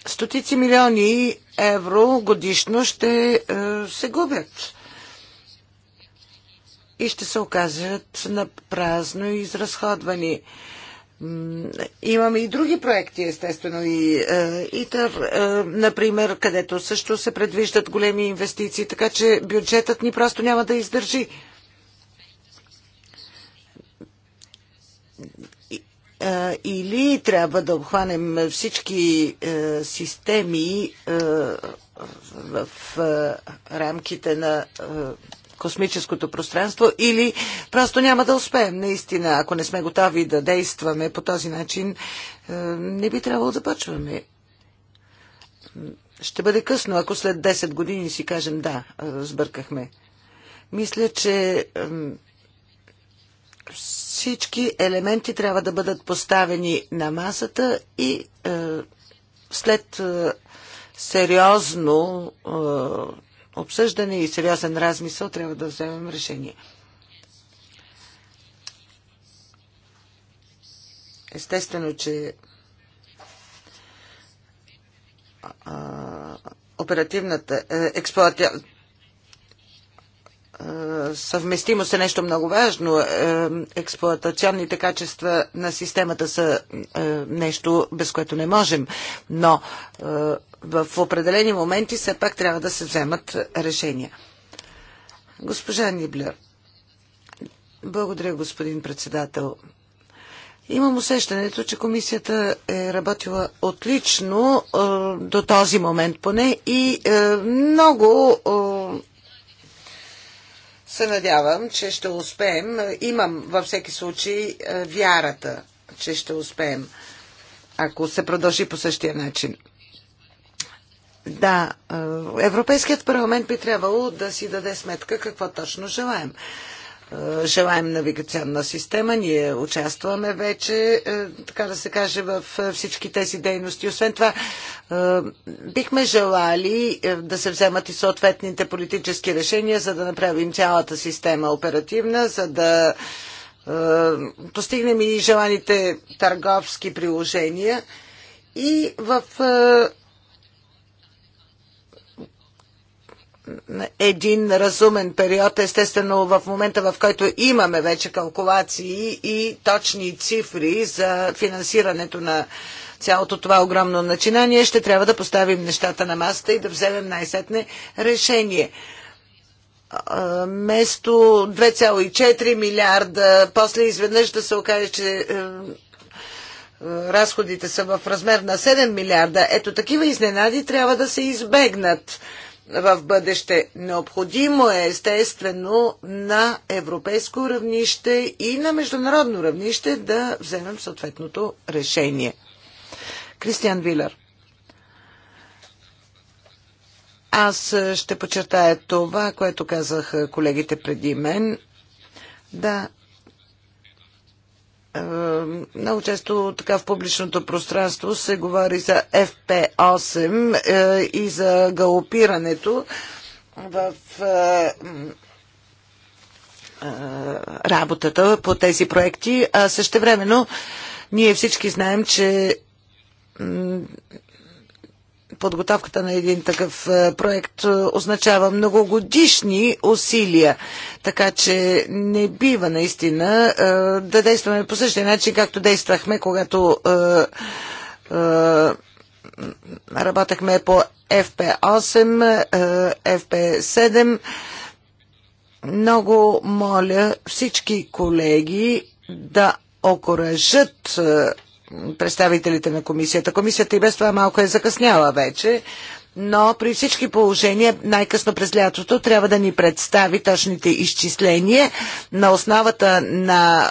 стотици милиони евро годишно ще е, се губят и ще се окажат на празно изразходвани. Имаме и други проекти, естествено, и е, ИТАР, е, например, където също се предвиждат големи инвестиции, така че бюджетът ни просто няма да издържи или трябва да обхванем всички е, системи е, в е, рамките на космическото пространство или просто няма да успеем. Наистина, ако не сме готови да действаме по този начин, не би трябвало да започваме. Ще бъде късно, ако след 10 години си кажем да, сбъркахме. Мисля, че всички елементи трябва да бъдат поставени на масата и е, след е, сериозно е, обсъждане и сериозен размисъл трябва да вземем решение. Естествено, че а, е, е, оперативната, е, експлуата, съвместимост е нещо много важно. Е, Експлоатационните качества на системата са е, нещо, без което не можем. Но е, в определени моменти все пак трябва да се вземат решения. Госпожа Ниблер. Благодаря, господин председател. Имам усещането, че комисията е работила отлично до този момент поне и много се надявам, че ще успеем. Имам във всеки случай е, вярата, че ще успеем, ако се продължи по същия начин. Да, е, Европейският парламент би трябвало да си даде сметка какво точно желаем. Е, желаем навигационна система. Ние участваме вече, е, така да се каже, в е, всички тези дейности. Освен това, бихме желали да се вземат и съответните политически решения, за да направим цялата система оперативна, за да постигнем и желаните търговски приложения. И в един разумен период, естествено в момента, в който имаме вече калкулации и точни цифри за финансирането на цялото това огромно начинание, ще трябва да поставим нещата на масата и да вземем най-сетне решение. Место 2,4 милиарда, после изведнъж да се окаже, че е, е, разходите са в размер на 7 милиарда. Ето такива изненади трябва да се избегнат в бъдеще. Необходимо е естествено на европейско равнище и на международно равнище да вземем съответното решение. Кристиан Вилер. Аз ще подчертая това, което казах колегите преди мен. Да, е, много често така в публичното пространство се говори за FP8 е, и за галопирането в е, работата по тези проекти. А времено ние всички знаем, че подготовката на един такъв е, проект е, означава многогодишни усилия. Така че не бива наистина е, да действаме по същия начин, както действахме, когато работехме по FP8, FP7. Много моля всички колеги да окоръжат представителите на комисията. Комисията и без това малко е закъсняла вече, но при всички положения най-късно през лятото трябва да ни представи точните изчисления на основата на е,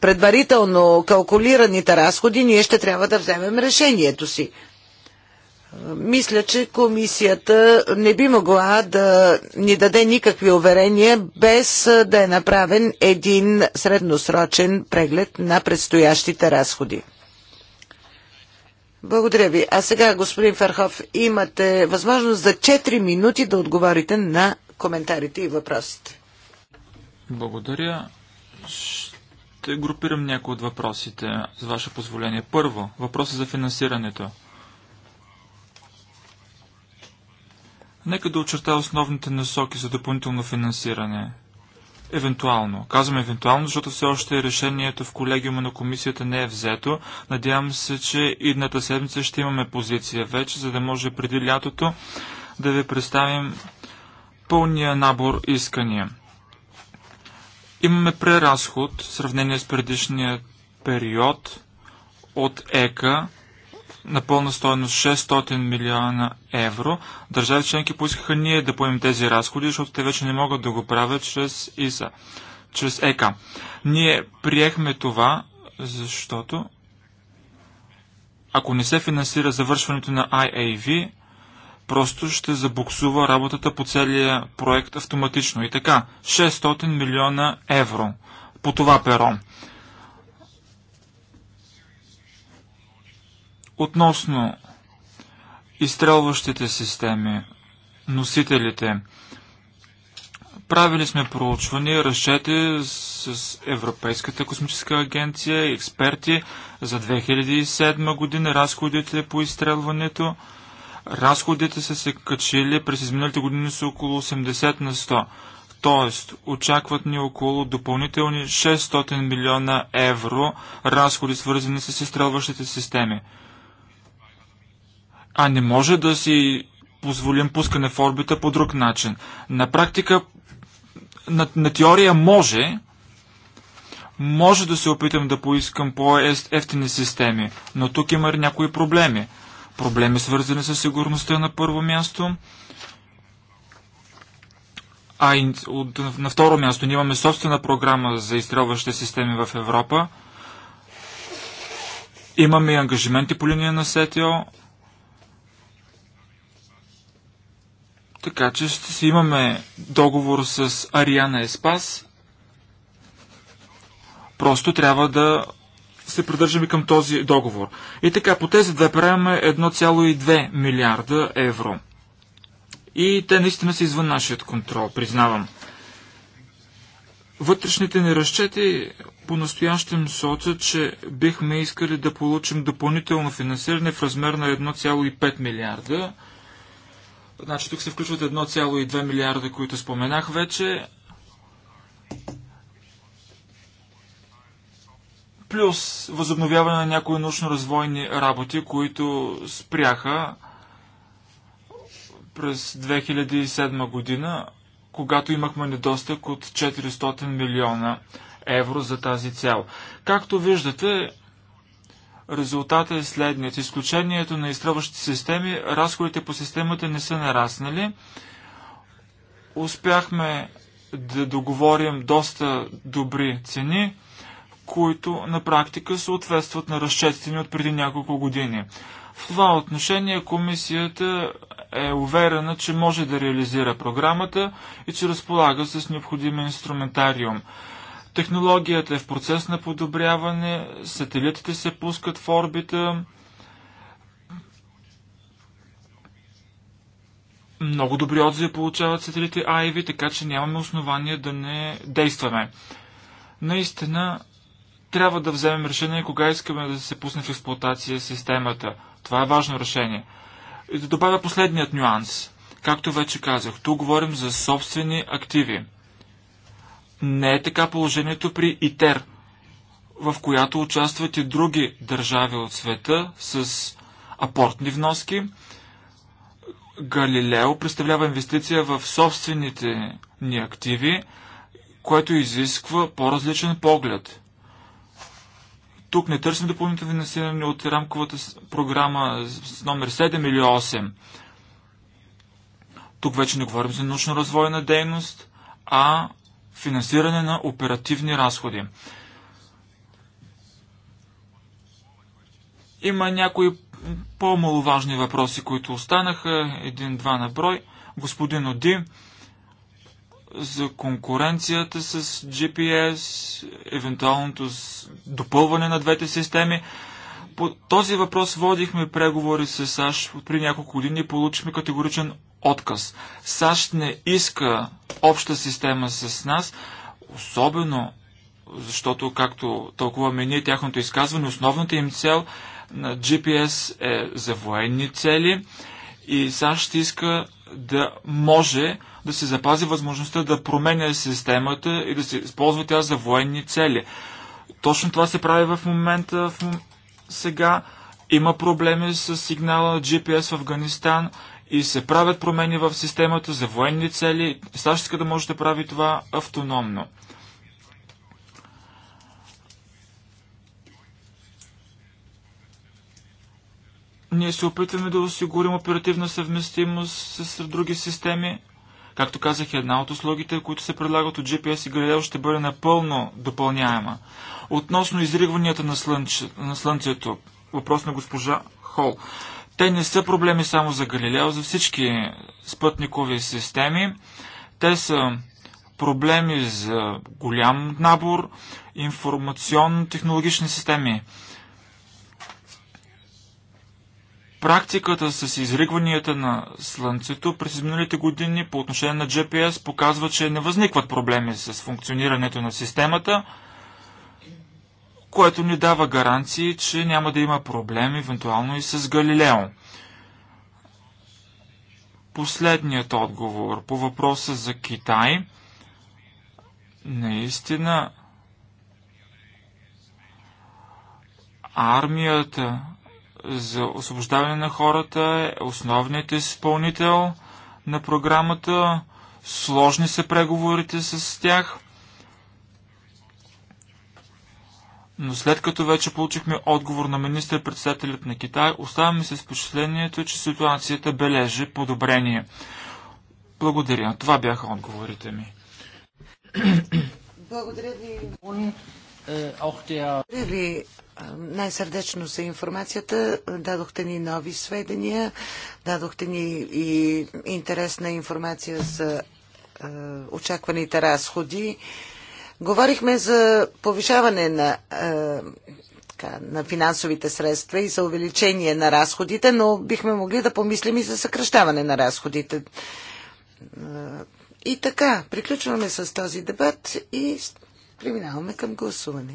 предварително калкулираните разходи. Ние ще трябва да вземем решението си. Мисля, че комисията не би могла да ни даде никакви уверения без да е направен един средносрочен преглед на предстоящите разходи. Благодаря ви. А сега, господин Ферхов, имате възможност за 4 минути да отговорите на коментарите и въпросите. Благодаря. Ще групирам някои от въпросите, с ваше позволение. Първо, въпросът за финансирането – Нека да очерта основните насоки за допълнително финансиране. Евентуално. Казвам евентуално, защото все още решението в колегиума на комисията не е взето. Надявам се, че идната седмица ще имаме позиция вече, за да може преди лятото да ви представим пълния набор искания. Имаме преразход в сравнение с предишния период от ЕКА на пълна стоеност 600 милиона евро. Държави членки поискаха ние да поемем тези разходи, защото те вече не могат да го правят чрез ИСА, чрез ЕКА. Ние приехме това, защото ако не се финансира завършването на IAV, просто ще забуксува работата по целия проект автоматично. И така, 600 милиона евро по това перо. Относно изстрелващите системи, носителите, правили сме проучвани, разчети с Европейската космическа агенция, експерти за 2007 година, разходите по изстрелването. Разходите са се качили през изминалите години с около 80 на 100. Тоест, очакват ни около допълнителни 600 милиона евро разходи, свързани с изстрелващите системи. А не може да си позволим пускане в орбита по друг начин. На практика, на, на теория може, може да се опитам да поискам по-ефтини системи, но тук има някои проблеми. Проблеми свързани с сигурността на първо място, а и от, на второ място ние имаме собствена програма за изстрелващи системи в Европа. Имаме и ангажименти по линия на СТО, Така че ще си имаме договор с Ариана Еспас. Просто трябва да се придържаме към този договор. И така, по тези две правиме 1,2 милиарда евро. И те наистина са извън нашия контрол, признавам. Вътрешните ни разчети по-настоящем сочат, че бихме искали да получим допълнително финансиране в размер на 1,5 милиарда Значи тук се включват 1,2 милиарда, които споменах вече. Плюс възобновяване на някои научно-развойни работи, които спряха през 2007 година, когато имахме недостъг от 400 милиона евро за тази цел. Както виждате, Резултатът е следният. Изключението на изтръващите системи, разходите по системата не са нараснали. Успяхме да договорим доста добри цени, които на практика съответстват на разчетите ни от преди няколко години. В това отношение комисията е уверена, че може да реализира програмата и че разполага с необходим инструментариум. Технологията е в процес на подобряване, сателитите се пускат в орбита. Много добри отзиви получават сателите Айви, така че нямаме основания да не действаме. Наистина, трябва да вземем решение кога искаме да се пусне в експлуатация системата. Това е важно решение. И да добавя последният нюанс. Както вече казах, тук говорим за собствени активи. Не е така положението при ИТЕР, в която участват и други държави от света с апортни вноски. Галилео представлява инвестиция в собствените ни активи, което изисква по-различен поглед. Тук не търсим допълнително финансиране от рамковата програма с номер 7 или 8. Тук вече не говорим за научно-развойна дейност, а финансиране на оперативни разходи. Има някои по-маловажни въпроси, които останаха, един-два на брой. Господин Оди, за конкуренцията с GPS, евентуалното допълване на двете системи. По този въпрос водихме преговори с САЩ при няколко години и получихме категоричен отказ. САЩ не иска обща система с нас, особено защото, както тълкуваме ние тяхното изказване, основната им цел на GPS е за военни цели и САЩ иска да може да се запази възможността да променя системата и да се използва тя за военни цели. Точно това се прави в момента в... сега. Има проблеми с сигнала GPS в Афганистан и се правят промени в системата за военни цели. САЩ иска да може да прави това автономно. Ние се опитваме да осигурим оперативна съвместимост с други системи. Както казах, една от услугите, които се предлагат от GPS и Галилео, ще бъде напълно допълняема. Относно изригванията на, слънч... на Слънцето, въпрос на госпожа Хол. Те не са проблеми само за Галилео, за всички спътникови системи. Те са проблеми за голям набор информационно-технологични системи. Практиката с изригванията на Слънцето през миналите години по отношение на GPS показва, че не възникват проблеми с функционирането на системата – което ни дава гаранции, че няма да има проблем евентуално и с Галилео. Последният отговор по въпроса за Китай. Наистина, армията за освобождаване на хората е основният изпълнител на програмата. Сложни са преговорите с тях. Но след като вече получихме отговор на министър-председателят на Китай, оставаме с впечатлението, че ситуацията бележи подобрение. Благодаря. Това бяха отговорите ми. Благодаря ви. Э, Благодаря ви най-сърдечно за информацията. Дадохте ни нови сведения, дадохте ни и интересна информация за э, очакваните разходи. Говорихме за повишаване на, е, на финансовите средства и за увеличение на разходите, но бихме могли да помислим и за съкръщаване на разходите. Е, и така, приключваме с този дебат и преминаваме към гласуване.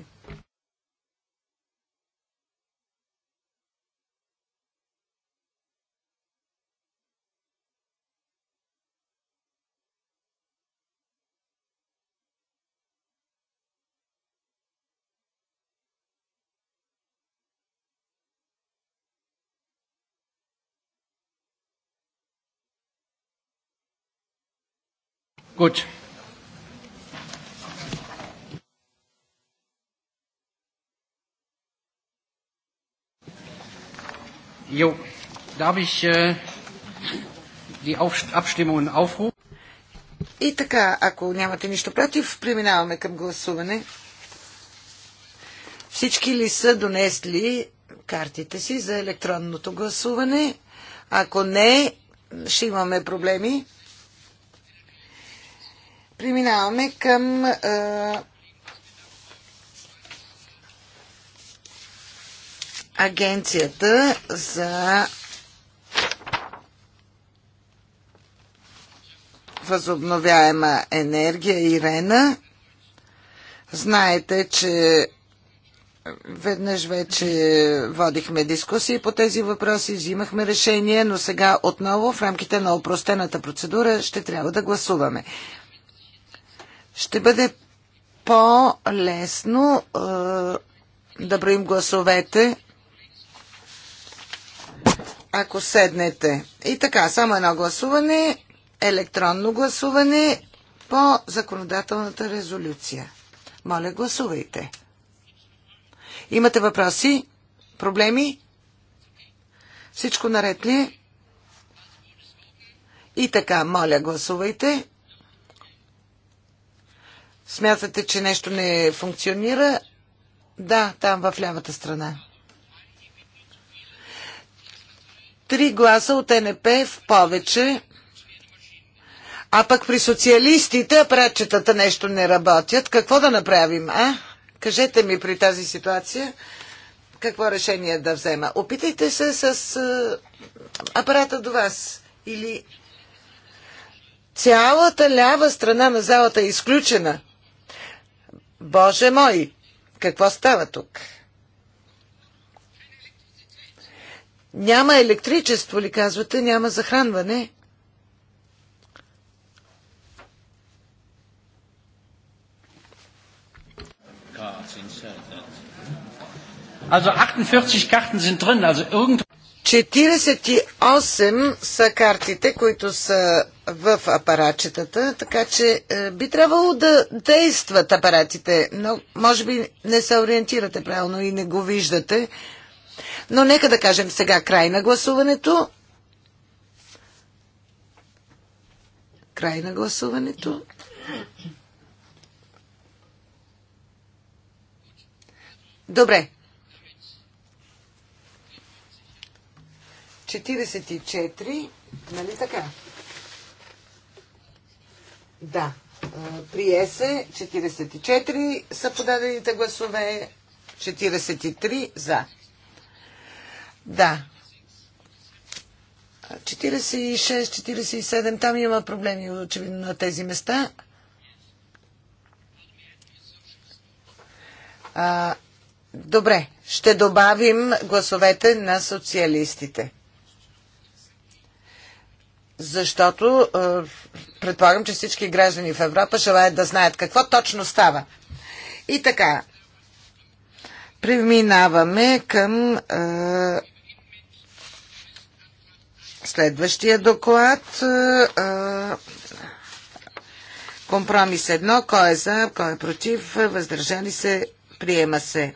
Gut. Jo, darf ich äh, die Auf Abstimmungen aufrufen? И така, ако нямате нищо против, преминаваме към гласуване. Всички ли са донесли картите си за електронното гласуване? Ако не, ще имаме проблеми. Преминаваме към Агенцията за възобновяема енергия Ирена. Знаете, че веднъж вече водихме дискусии по тези въпроси, взимахме решение, но сега отново в рамките на опростената процедура ще трябва да гласуваме ще бъде по-лесно да броим гласовете, ако седнете. И така, само едно гласуване, електронно гласуване по законодателната резолюция. Моля, гласувайте. Имате въпроси? Проблеми? Всичко наред ли? Е? И така, моля, гласувайте. Смятате, че нещо не функционира? Да, там в лявата страна. Три гласа от НП в повече. А пък при социалистите апаратчетата нещо не работят. Какво да направим, а? Кажете ми при тази ситуация какво решение да взема. Опитайте се с апарата до вас. Или цялата лява страна на залата е изключена. Боже мой, какво става тук? Няма електричество ли казвате, няма захранване? Also 48 Karten sind drin, also irgend 48 са картите, които са в апаратчетата, така че е, би трябвало да действат апаратите, но може би не се ориентирате правилно и не го виждате. Но нека да кажем сега край на гласуването. Край на гласуването. Добре, 44, нали така? Да, прие се 44 са подадените гласове, 43 за. Да. 46, 47, там има проблеми очевидно на тези места. А, добре, ще добавим гласовете на социалистите защото е, предполагам, че всички граждани в Европа желаят да знаят какво точно става. И така, преминаваме към е, следващия доклад. Е, е компромис едно, кой е за, кой е против, въздържали се, приема се.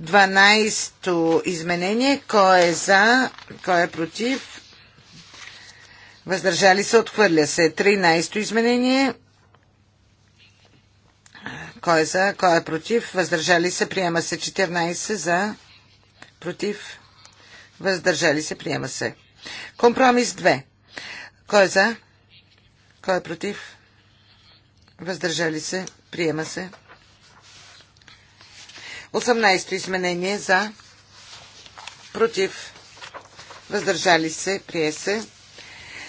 12-то изменение. Кой е за, кой е против, Въздържали се, отхвърля се. 13-то изменение. Кой е за, кой е против? Въздържали се, приема се. 14 за, против. Въздържали се, приема се. Компромис 2. Кой е за? Кой е против? Въздържали се, приема се. 18-то изменение за, против. Въздържали се, прие се.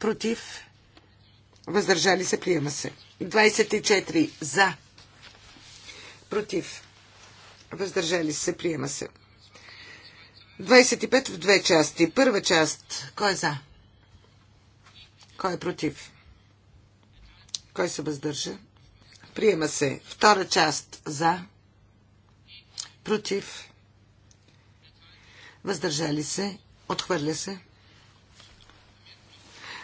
против, въздържали се, приема се. 24 за, против, въздържали се, приема се. 25 в две части. Първа част, кой е за? Кой е против? Кой се въздържа? Приема се. Втора част за, против, въздържали се, отхвърля се.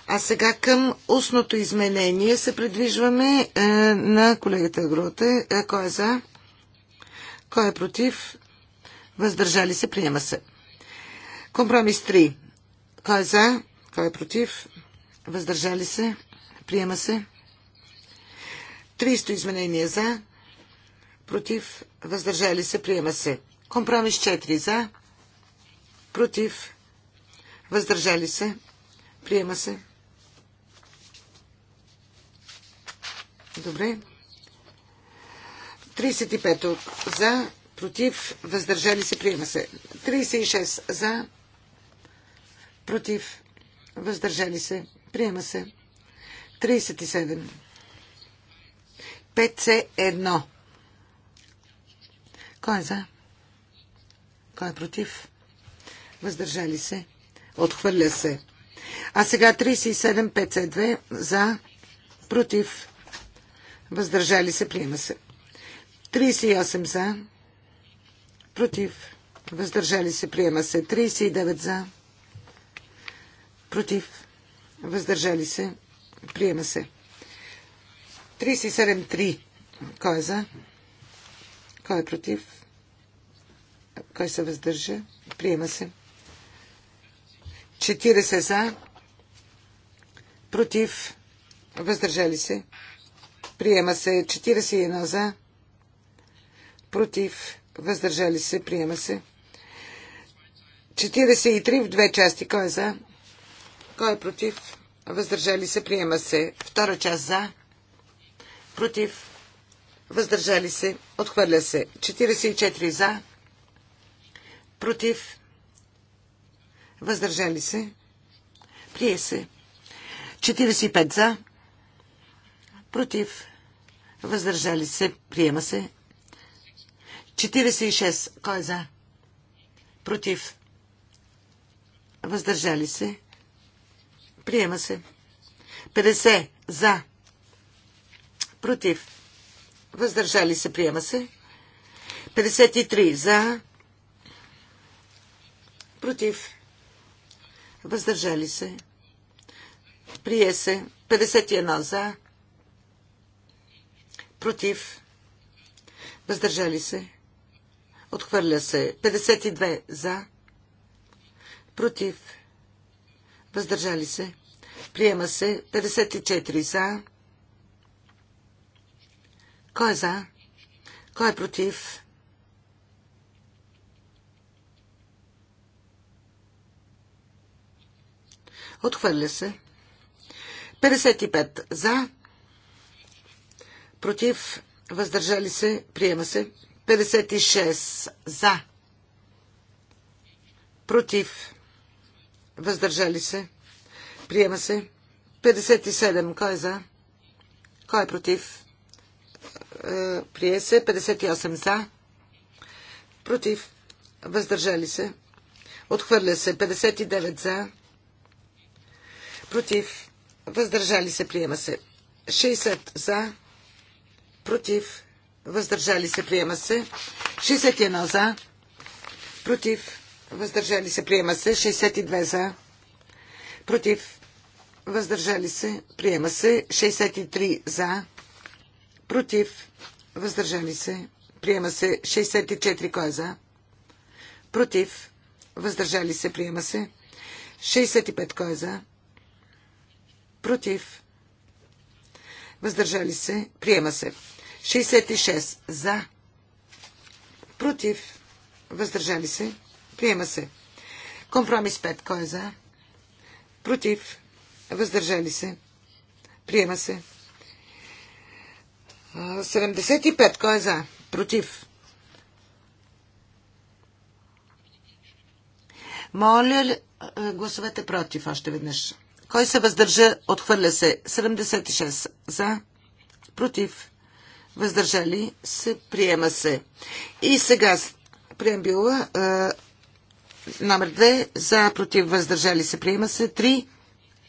А сега към устното изменение се предвижваме е, на колегата Гроте. Е, кой е за? Кой е против? Въздържали се, приема се. Компромис 3. Кой е за? Кой е против? Въздържали се, приема се. 300 изменения за, против, въздържали се, приема се. Компромис 4 за, против, въздържали се, приема се. Добре. 35 за, против, въздържали се, приема се. 36 за, против, въздържали се, приема се. 37. 5C1. Кой е за? Кой е против? Въздържали се. Отхвърля се. А сега 37 5C2 за, против, въздържали се, приема се. 38 за, против, въздържали се, приема се. 39 за, против, въздържали се, приема се. 37-3, кой е за, кой е против, кой се въздържа, приема се. 40 за, против, въздържали се, Приема се 41 за. Против. Въздържали се. Приема се. 43 в две части. Кой е за? Кой е против? Въздържали се. Приема се. Втора част за. Против. Въздържали се. Отхвърля се. 44 за. Против. Въздържали се. Прие се. 45 за против, въздържали се, приема се. 46. Кой е за? Против. Въздържали се. Приема се. 50. За. Против. Въздържали се. Приема се. 53. За. Против. Въздържали се. Прие се. 51. За против, въздържали се, отхвърля се. 52 за, против, въздържали се, приема се. 54 за, кой е за, кой е против, Отхвърля се. 55 за против, въздържали се, приема се. 56 за, против, въздържали се, приема се. 57, кой е за? Кой е против? Е, прие се. 58 за, против, въздържали се. Отхвърля се 59 за, против, въздържали се, приема се 60 за, против, въздържали се, приема се. 61 за, против, въздържали се, приема се. 62 за, против, въздържали се, приема се. 63 за, против, въздържали се, приема се. 64 кой е за, против, въздържали се, приема се. 65 кой е за, против, въздържали се, приема се. 66 за, против, въздържали се, приема се. Компромис 5, кой е за? Против, въздържали се, приема се. 75, кой е за? Против. Моля, гласовете против още веднъж. Кой се въздържа? Отхвърля се. 76 за. Против въздържали се, приема се. И сега преамбюла е, номер 2 за, против, въздържали се, приема се. 3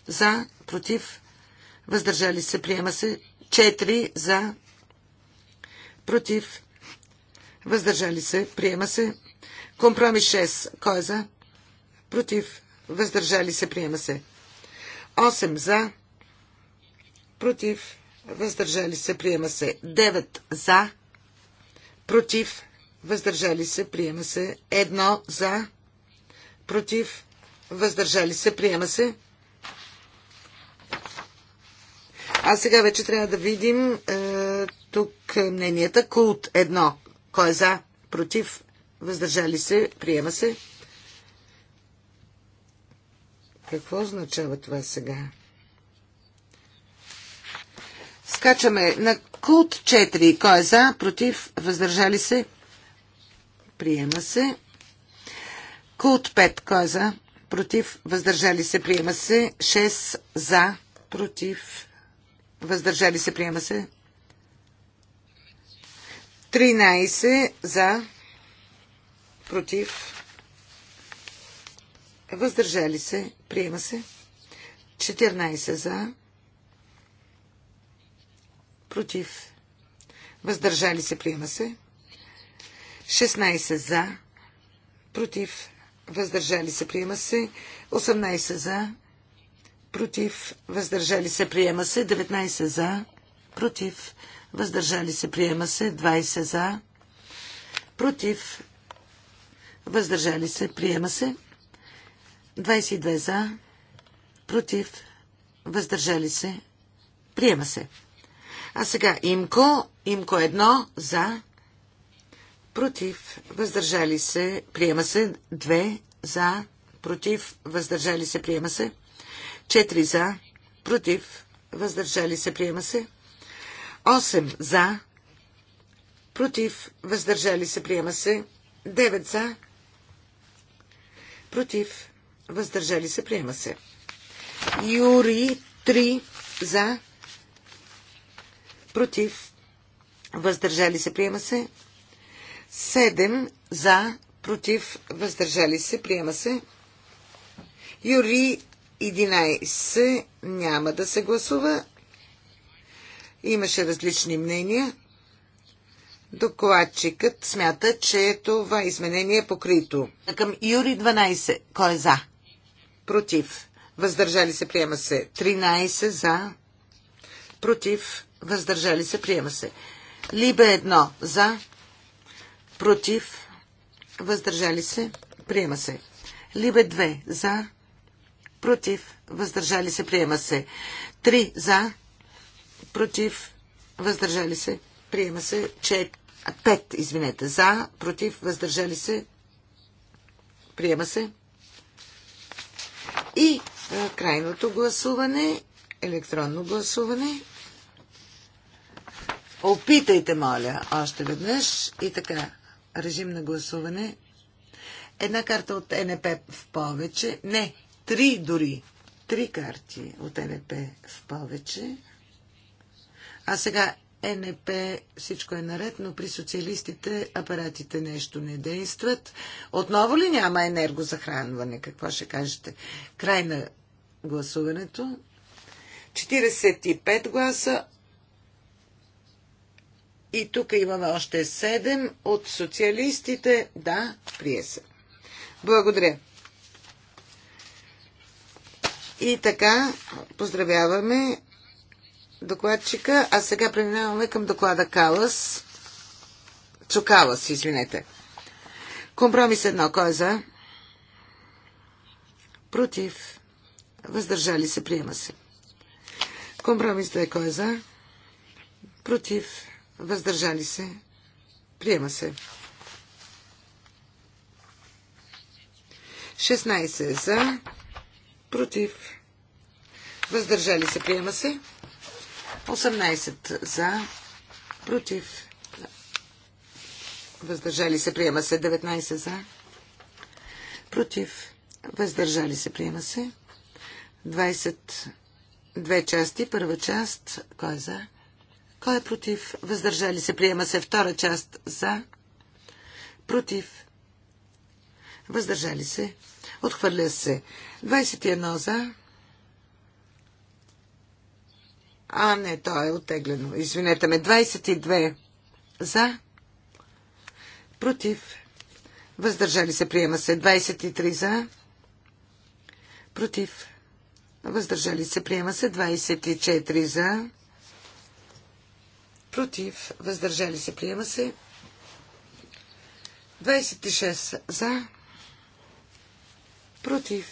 за, против, въздържали се, приема се. 4 за, против, въздържали се, приема се. Компромис 6. Кой е за? Против. Въздържали се, приема се. 8 за. Против въздържали се, приема се 9 за, против, въздържали се, приема се 1 за, против, въздържали се, приема се. А сега вече трябва да видим е, тук мненията. Култ 1. Кой е за? Против? Въздържали се? Приема се? Какво означава това сега? Скачаме на култ 4. Кой е за, против, въздържали се? Приема се. Култ 5. Кой е за, против, въздържали се? Приема се. 6 за, против, въздържали се? Приема се. 13 за, против, въздържали се, приема се. 14 за, против, въздържали се, приема се. 16 за, против, въздържали се, приема се. 18 за, против, въздържали се, приема се. 19 за, против, въздържали се, приема се. 20 за, против, въздържали се, приема се. 22 за, против, въздържали се, приема се. А сега имко, имко едно за, против, въздържали се, приема се, две за, против, въздържали се, приема се, четири за, против, въздържали се, приема се, осем за, против, въздържали се, приема се, девет за, против, въздържали се, приема се. Юри 3 за, против, въздържали се, приема се. 7 за, против, въздържали се, приема се. Юри 11 няма да се гласува. Имаше различни мнения. Докладчикът смята, че това изменение е покрито. Към Юри 12. Кой е за? Против. Въздържали се приема се 13 за. Против въздържали се, приема се. Либе едно за, против, въздържали се, приема се. Либе две за, против, въздържали се, приема се. Три за, против, въздържали се, приема се. Че, пет, извинете, за, против, въздържали се, приема се. И крайното гласуване, електронно гласуване. Опитайте, моля, още веднъж. И така, режим на гласуване. Една карта от НП в повече. Не, три дори. Три карти от НП в повече. А сега НП всичко е наред, но при социалистите апаратите нещо не действат. Отново ли няма енергозахранване? Какво ще кажете? Край на гласуването. 45 гласа, и тук имаме още седем от социалистите. Да, прие се. Благодаря. И така, поздравяваме докладчика, а сега преминаваме към доклада Калас. Цукалас, извинете. Компромис едно. Кой е за? Против. Въздържали се. Приема се. Компромис две. Кой е за? Против. Въздържали се. Приема се. 16 е за. Против. Въздържали се. Приема се. 18 за. Против. Въздържали се. Приема се. 19 за. Против. Въздържали се. Приема се. 20. Две части. Първа част. Кой е за? Кой е против? Въздържали се. Приема се втора част за. Против. Въздържали се. Отхвърля се. 21 за. А, не, то е отеглено. Извинете ме. 22 за. Против. Въздържали се. Приема се. 23 за. Против. Въздържали се. Приема се. 24 за против, въздържали се, приема се. 26 за, против,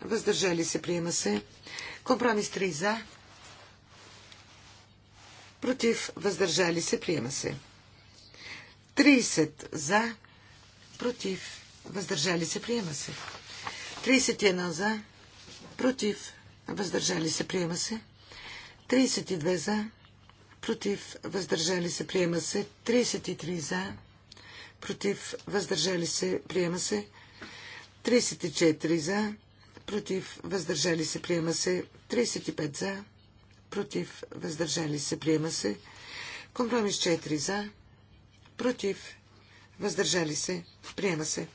въздържали се, приема се. Компромис 3 за, против, въздържали се, приема се. 30 за, против, въздържали се, приема се. 31 за, против, въздържали се, приема се. 32 за, против, въздържали се, приема се. 33 за, против, въздържали се, приема се. 34 за, против, въздържали се, приема се. 35 за, против, въздържали се, приема се. Компромис 4 за, против, въздържали се, приема се.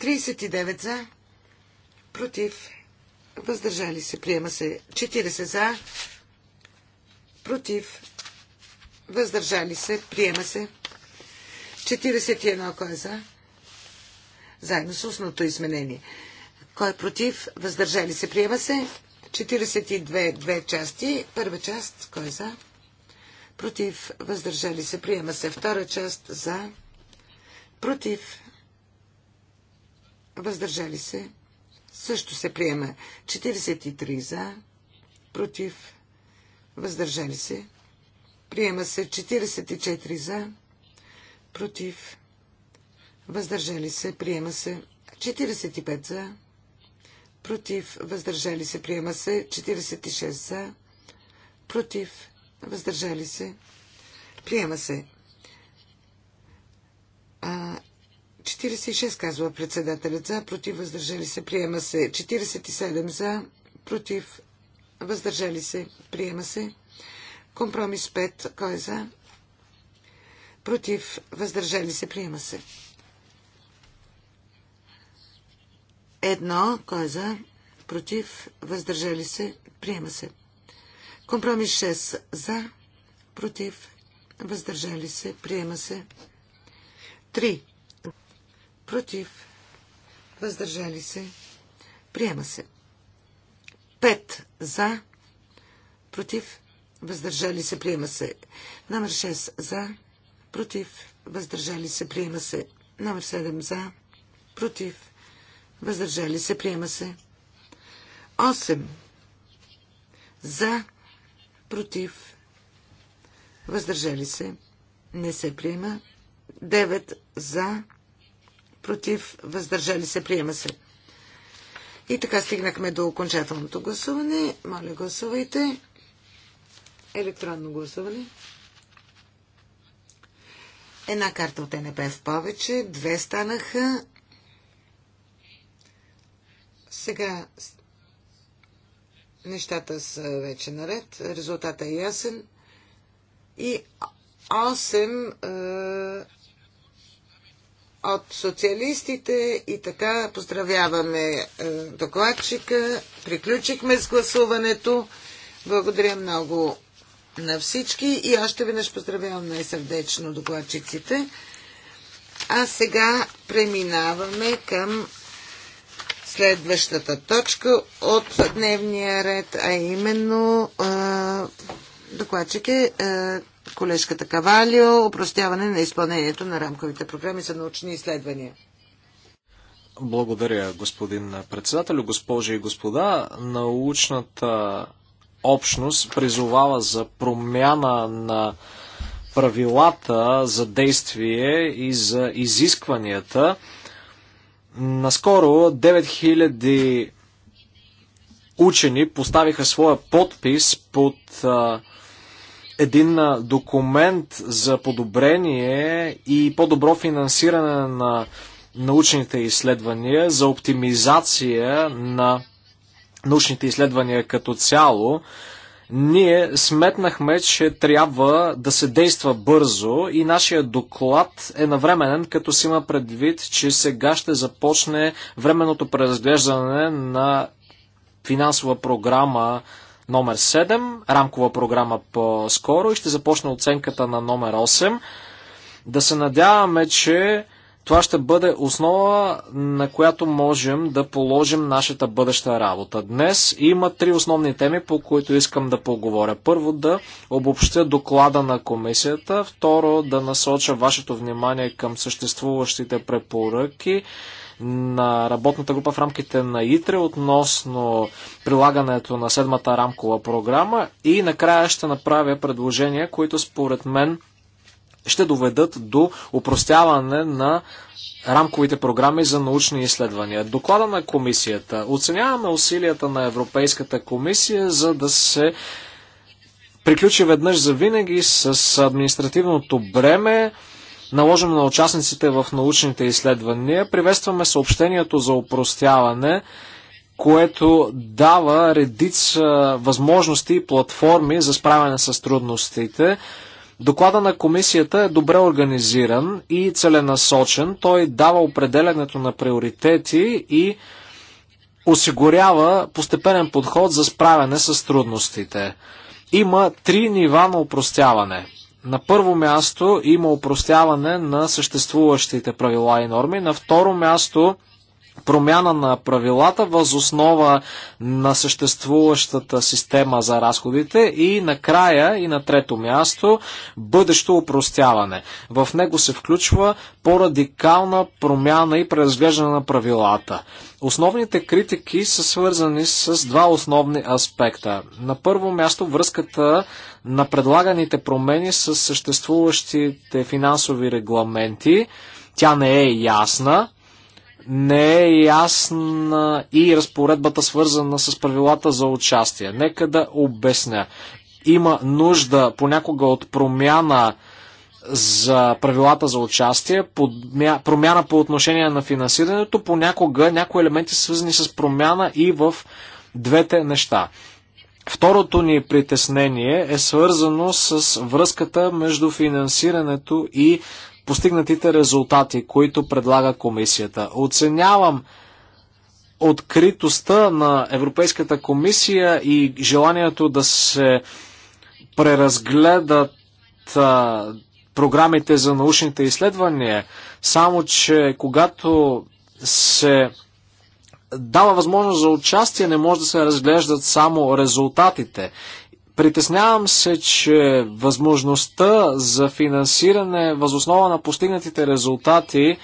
39 за, против, въздържали се, приема се. 40 за, против, въздържали се, приема се. 41, кой е за? Заедно с устното изменение. Кой е против, въздържали се, приема се. 42, две части. Първа част, кой е за? Против, въздържали се, приема се. Втора част, за? Против, въздържали се, също се приема. 43 за, против, въздържали се. Приема се 44 за, против, въздържали се, приема се 45 за, против, въздържали се, приема се 46 за, против, въздържали се, приема се. А, 46 казва председателят за, против, въздържали се, приема се 47 за, против, въздържали се, приема се. Компромис 5, кой е за? Против, въздържали се, приема се. Едно, кой е за? Против, въздържали се, приема се. Компромис 6, за? Против, въздържали се, приема се. Три Против, въздържали се, приема се. 5 за, против, въздържали се, приема се. Номер 6 за, против, въздържали се, приема се. Номер 7 за, против, въздържали се, приема се. 8 за, против, въздържали се, не се приема. 9 за, против, въздържали се, приема се. И така стигнахме до окончателното гласуване. Моля, гласувайте. Електронно гласуване. Една карта от НП в повече, две станаха. Сега нещата са вече наред, резултата е ясен. И 8 е, от социалистите и така поздравяваме е, докладчика. Приключихме с гласуването. Благодаря много на всички и още веднъж поздравявам най-сърдечно докладчиците. А сега преминаваме към следващата точка от дневния ред, а именно е, докладчик е колежката Кавалио, упростяване на изпълнението на рамковите програми за научни изследвания. Благодаря, господин председател, госпожи и господа. Научната общност призовава за промяна на правилата за действие и за изискванията. Наскоро 9000 учени поставиха своя подпис под а, един документ за подобрение и по-добро финансиране на научните изследвания, за оптимизация на научните изследвания като цяло, ние сметнахме, че трябва да се действа бързо и нашия доклад е навременен, като си има предвид, че сега ще започне временното преразглеждане на финансова програма номер 7, рамкова програма по-скоро и ще започна оценката на номер 8. Да се надяваме, че това ще бъде основа, на която можем да положим нашата бъдеща работа. Днес има три основни теми, по които искам да поговоря. Първо да обобщя доклада на комисията, второ да насоча вашето внимание към съществуващите препоръки, на работната група в рамките на ИТРЕ относно прилагането на седмата рамкова програма и накрая ще направя предложения, които според мен ще доведат до упростяване на рамковите програми за научни изследвания. Доклада на комисията. Оценяваме усилията на Европейската комисия за да се приключи веднъж за винаги с административното бреме, Наложено на участниците в научните изследвания. Приветстваме съобщението за упростяване, което дава редица възможности и платформи за справяне с трудностите. Доклада на комисията е добре организиран и целенасочен. Той дава определенето на приоритети и осигурява постепенен подход за справяне с трудностите. Има три нива на упростяване. На първо място има упростяване на съществуващите правила и норми. На второ място промяна на правилата въз основа на съществуващата система за разходите и накрая и на трето място бъдещо упростяване. В него се включва по-радикална промяна и преразглеждане на правилата. Основните критики са свързани с два основни аспекта. На първо място връзката на предлаганите промени с съществуващите финансови регламенти. Тя не е ясна, не е ясна и разпоредбата свързана с правилата за участие. Нека да обясня. Има нужда понякога от промяна за правилата за участие, промяна по отношение на финансирането, понякога някои елементи са свързани с промяна и в двете неща. Второто ни притеснение е свързано с връзката между финансирането и постигнатите резултати, които предлага комисията. Оценявам откритостта на Европейската комисия и желанието да се преразгледат а, програмите за научните изследвания, само че когато се дава възможност за участие, не може да се разглеждат само резултатите Притеснявам се, че възможността за финансиране възоснова на постигнатите резултати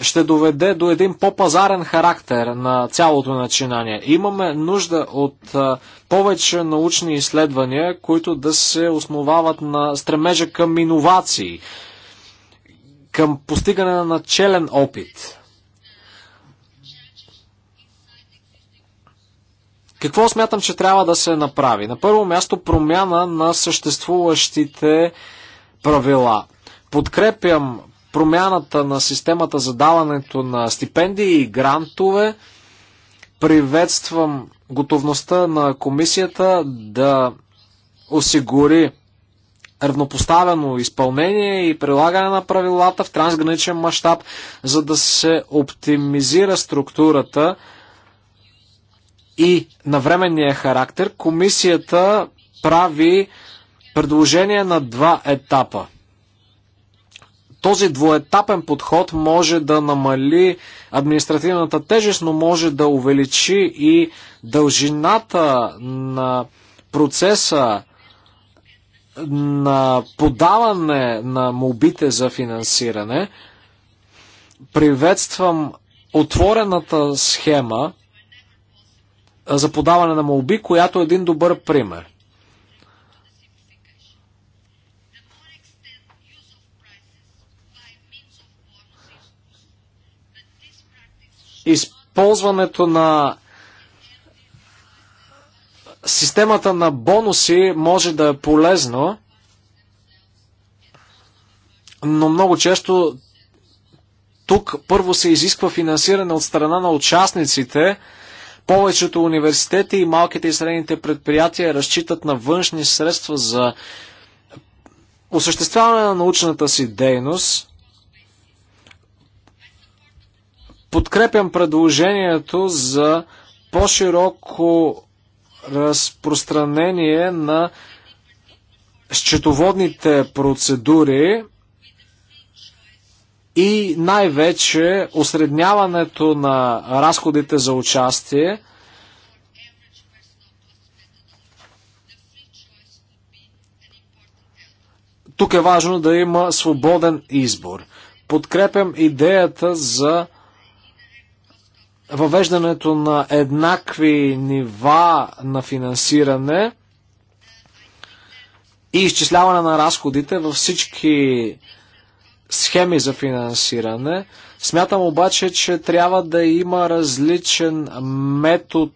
ще доведе до един по-пазарен характер на цялото начинание. Имаме нужда от повече научни изследвания, които да се основават на стремежа към иновации, към постигане на челен опит. Какво смятам, че трябва да се направи? На първо място промяна на съществуващите правила. Подкрепям промяната на системата за даването на стипендии и грантове. Приветствам готовността на комисията да осигури равнопоставено изпълнение и прилагане на правилата в трансграничен мащаб, за да се оптимизира структурата и на временния характер, комисията прави предложение на два етапа. Този двоетапен подход може да намали административната тежест, но може да увеличи и дължината на процеса на подаване на мобите за финансиране. Приветствам отворената схема, за подаване на молби, която е един добър пример. Използването на системата на бонуси може да е полезно, но много често тук първо се изисква финансиране от страна на участниците, повечето университети и малките и средните предприятия разчитат на външни средства за осъществяване на научната си дейност. Подкрепям предложението за по-широко разпространение на счетоводните процедури и най-вече осредняването на разходите за участие Тук е важно да има свободен избор. Подкрепям идеята за въвеждането на еднакви нива на финансиране и изчисляване на разходите във всички схеми за финансиране. Смятам обаче, че трябва да има различен метод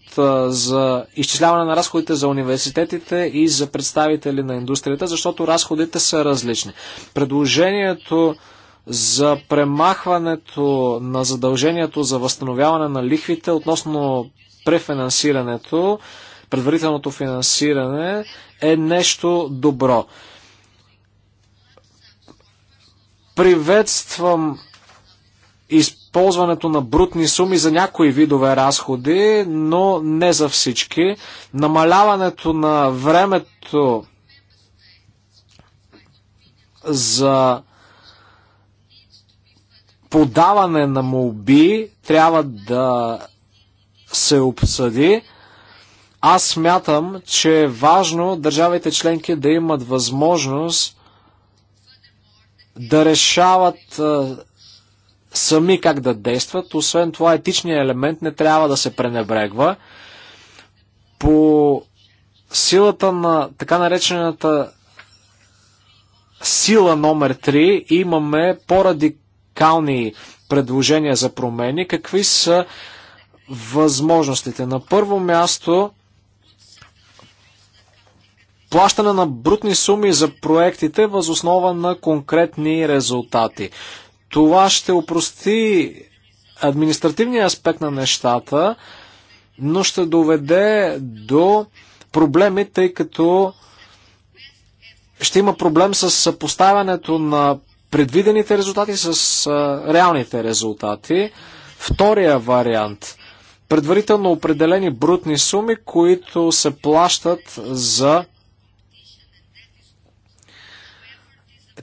за изчисляване на разходите за университетите и за представители на индустрията, защото разходите са различни. Предложението за премахването на задължението за възстановяване на лихвите относно префинансирането, предварителното финансиране е нещо добро. Приветствам използването на брутни суми за някои видове разходи, но не за всички. Намаляването на времето за подаване на молби трябва да се обсъди. Аз смятам, че е важно държавите членки да имат възможност да решават сами как да действат. Освен това, етичният елемент не трябва да се пренебрегва. По силата на така наречената сила номер 3 имаме по-радикални предложения за промени. Какви са възможностите? На първо място плащане на брутни суми за проектите възоснова на конкретни резултати. Това ще упрости административния аспект на нещата, но ще доведе до проблеми, тъй като ще има проблем с съпоставянето на предвидените резултати с реалните резултати. Втория вариант предварително определени брутни суми, които се плащат за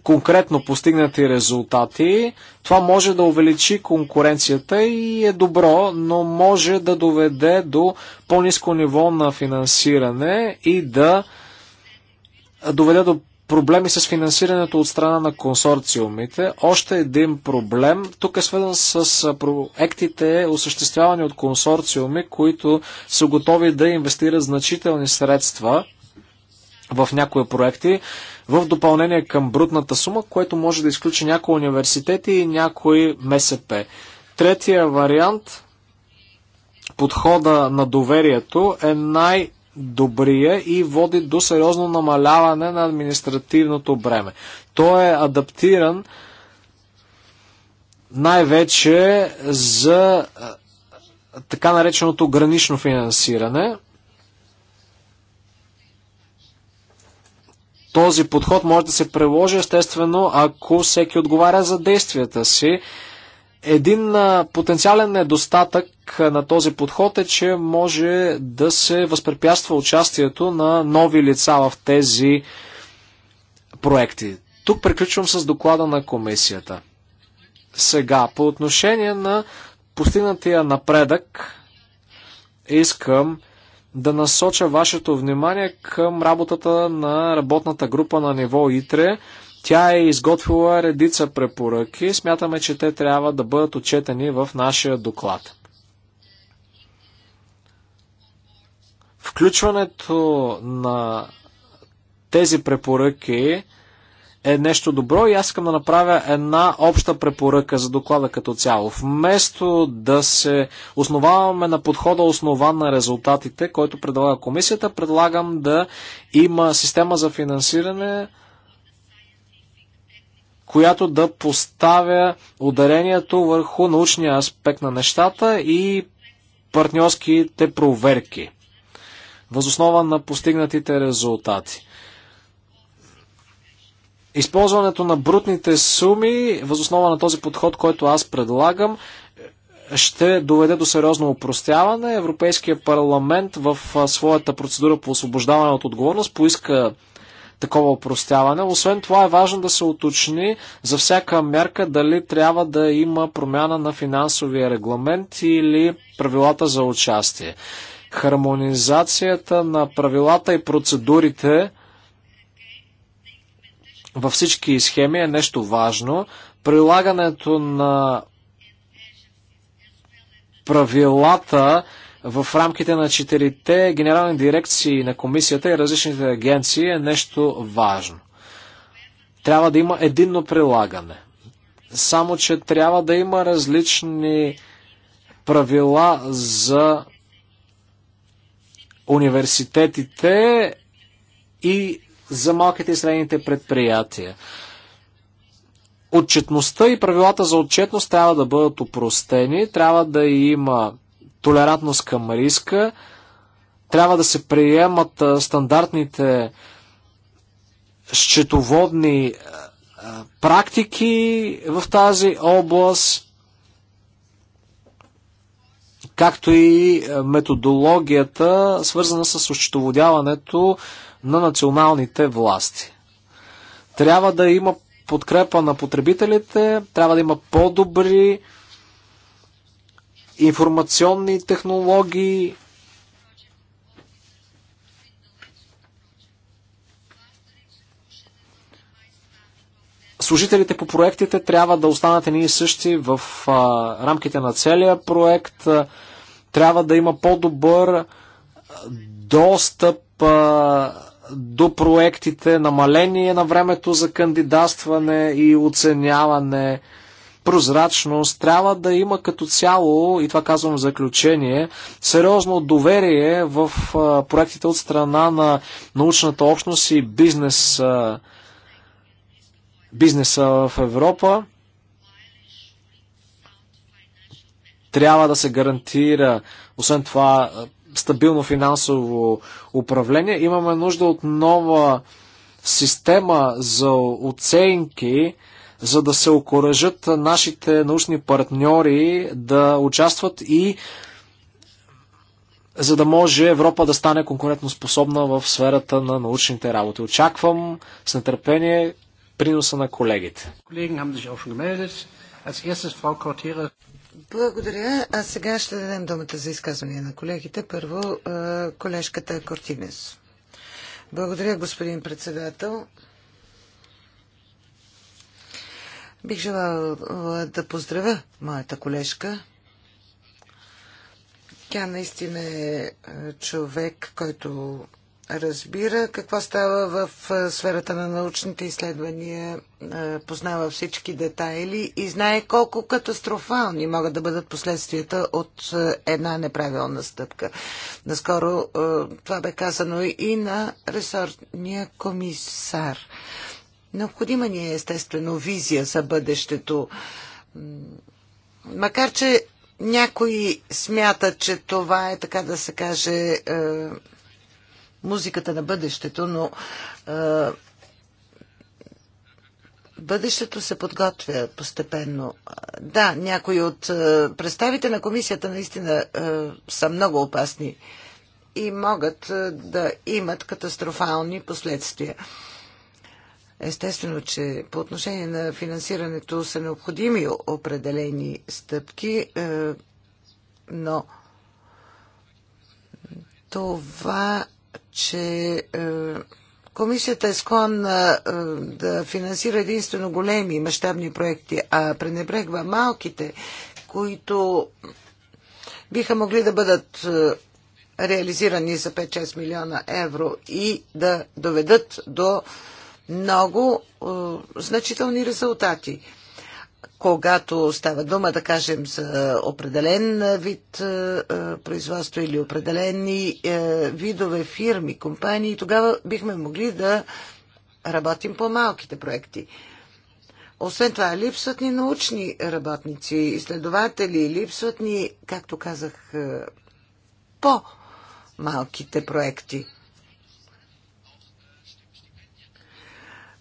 конкретно постигнати резултати. Това може да увеличи конкуренцията и е добро, но може да доведе до по-низко ниво на финансиране и да доведе до проблеми с финансирането от страна на консорциумите. Още един проблем, тук е свързан с проектите, осъществявани от консорциуми, които са готови да инвестират значителни средства в някои проекти, в допълнение към брутната сума, което може да изключи някои университети и някои МСП. Третия вариант, подхода на доверието, е най- добрия и води до сериозно намаляване на административното бреме. Той е адаптиран най-вече за така нареченото гранично финансиране. Този подход може да се приложи естествено, ако всеки отговаря за действията си. Един потенциален недостатък на този подход е, че може да се възпрепятства участието на нови лица в тези проекти. Тук приключвам с доклада на комисията. Сега, по отношение на постигнатия напредък, искам да насоча вашето внимание към работата на работната група на ниво ИТРЕ. Тя е изготвила редица препоръки. Смятаме, че те трябва да бъдат отчетени в нашия доклад. Включването на тези препоръки е нещо добро и аз искам да направя една обща препоръка за доклада като цяло. Вместо да се основаваме на подхода основан на резултатите, който предлага комисията, предлагам да има система за финансиране, която да поставя ударението върху научния аспект на нещата и партньорските проверки, възоснова на постигнатите резултати. Използването на брутните суми, възоснова на този подход, който аз предлагам, ще доведе до сериозно упростяване. Европейския парламент в своята процедура по освобождаване от отговорност поиска такова упростяване. Освен това е важно да се уточни за всяка мярка дали трябва да има промяна на финансовия регламент или правилата за участие. Хармонизацията на правилата и процедурите във всички схеми е нещо важно. Прилагането на правилата в рамките на четирите генерални дирекции на комисията и различните агенции е нещо важно. Трябва да има единно прилагане. Само, че трябва да има различни правила за университетите и за малките и средните предприятия. Отчетността и правилата за отчетност трябва да бъдат упростени, трябва да има толерантност към риска, трябва да се приемат стандартните счетоводни практики в тази област, както и методологията, свързана с счетоводяването на националните власти. Трябва да има подкрепа на потребителите, трябва да има по-добри информационни технологии. Служителите по проектите трябва да останат едни и същи в а, рамките на целия проект. Трябва да има по-добър достъп а, до проектите, намаление на времето за кандидатстване и оценяване, прозрачност. Трябва да има като цяло, и това казвам в заключение, сериозно доверие в проектите от страна на научната общност и бизнес, бизнеса в Европа. трябва да се гарантира, освен това, стабилно финансово управление. Имаме нужда от нова система за оценки, за да се окоръжат нашите научни партньори да участват и за да може Европа да стане конкурентоспособна в сферата на научните работи. Очаквам с нетърпение приноса на колегите. Благодаря. А сега ще дадем думата за изказвания на колегите. Първо, колежката Кортинес. Благодаря, господин председател. Бих желала да поздравя моята колежка. Тя наистина е човек, който разбира какво става в сферата на научните изследвания, познава всички детайли и знае колко катастрофални могат да бъдат последствията от една неправилна стъпка. Наскоро това бе казано и на ресортния комисар. Необходима ни е естествено визия за бъдещето. Макар, че някои смятат, че това е така да се каже е, музиката на бъдещето, но е, бъдещето се подготвя постепенно. Да, някои от е, представите на комисията наистина е, са много опасни и могат е, да имат катастрофални последствия. Естествено, че по отношение на финансирането са необходими определени стъпки, е, но това че е, Комисията е склонна е, да финансира единствено големи мащабни проекти, а пренебрегва малките, които биха могли да бъдат е, реализирани за 5-6 милиона евро и да доведат до много значителни резултати когато става дума, да кажем, за определен вид е, е, производство или определени е, видове фирми, компании, тогава бихме могли да работим по малките проекти. Освен това, липсват ни научни работници, изследователи, липсват ни, както казах, по-малките проекти.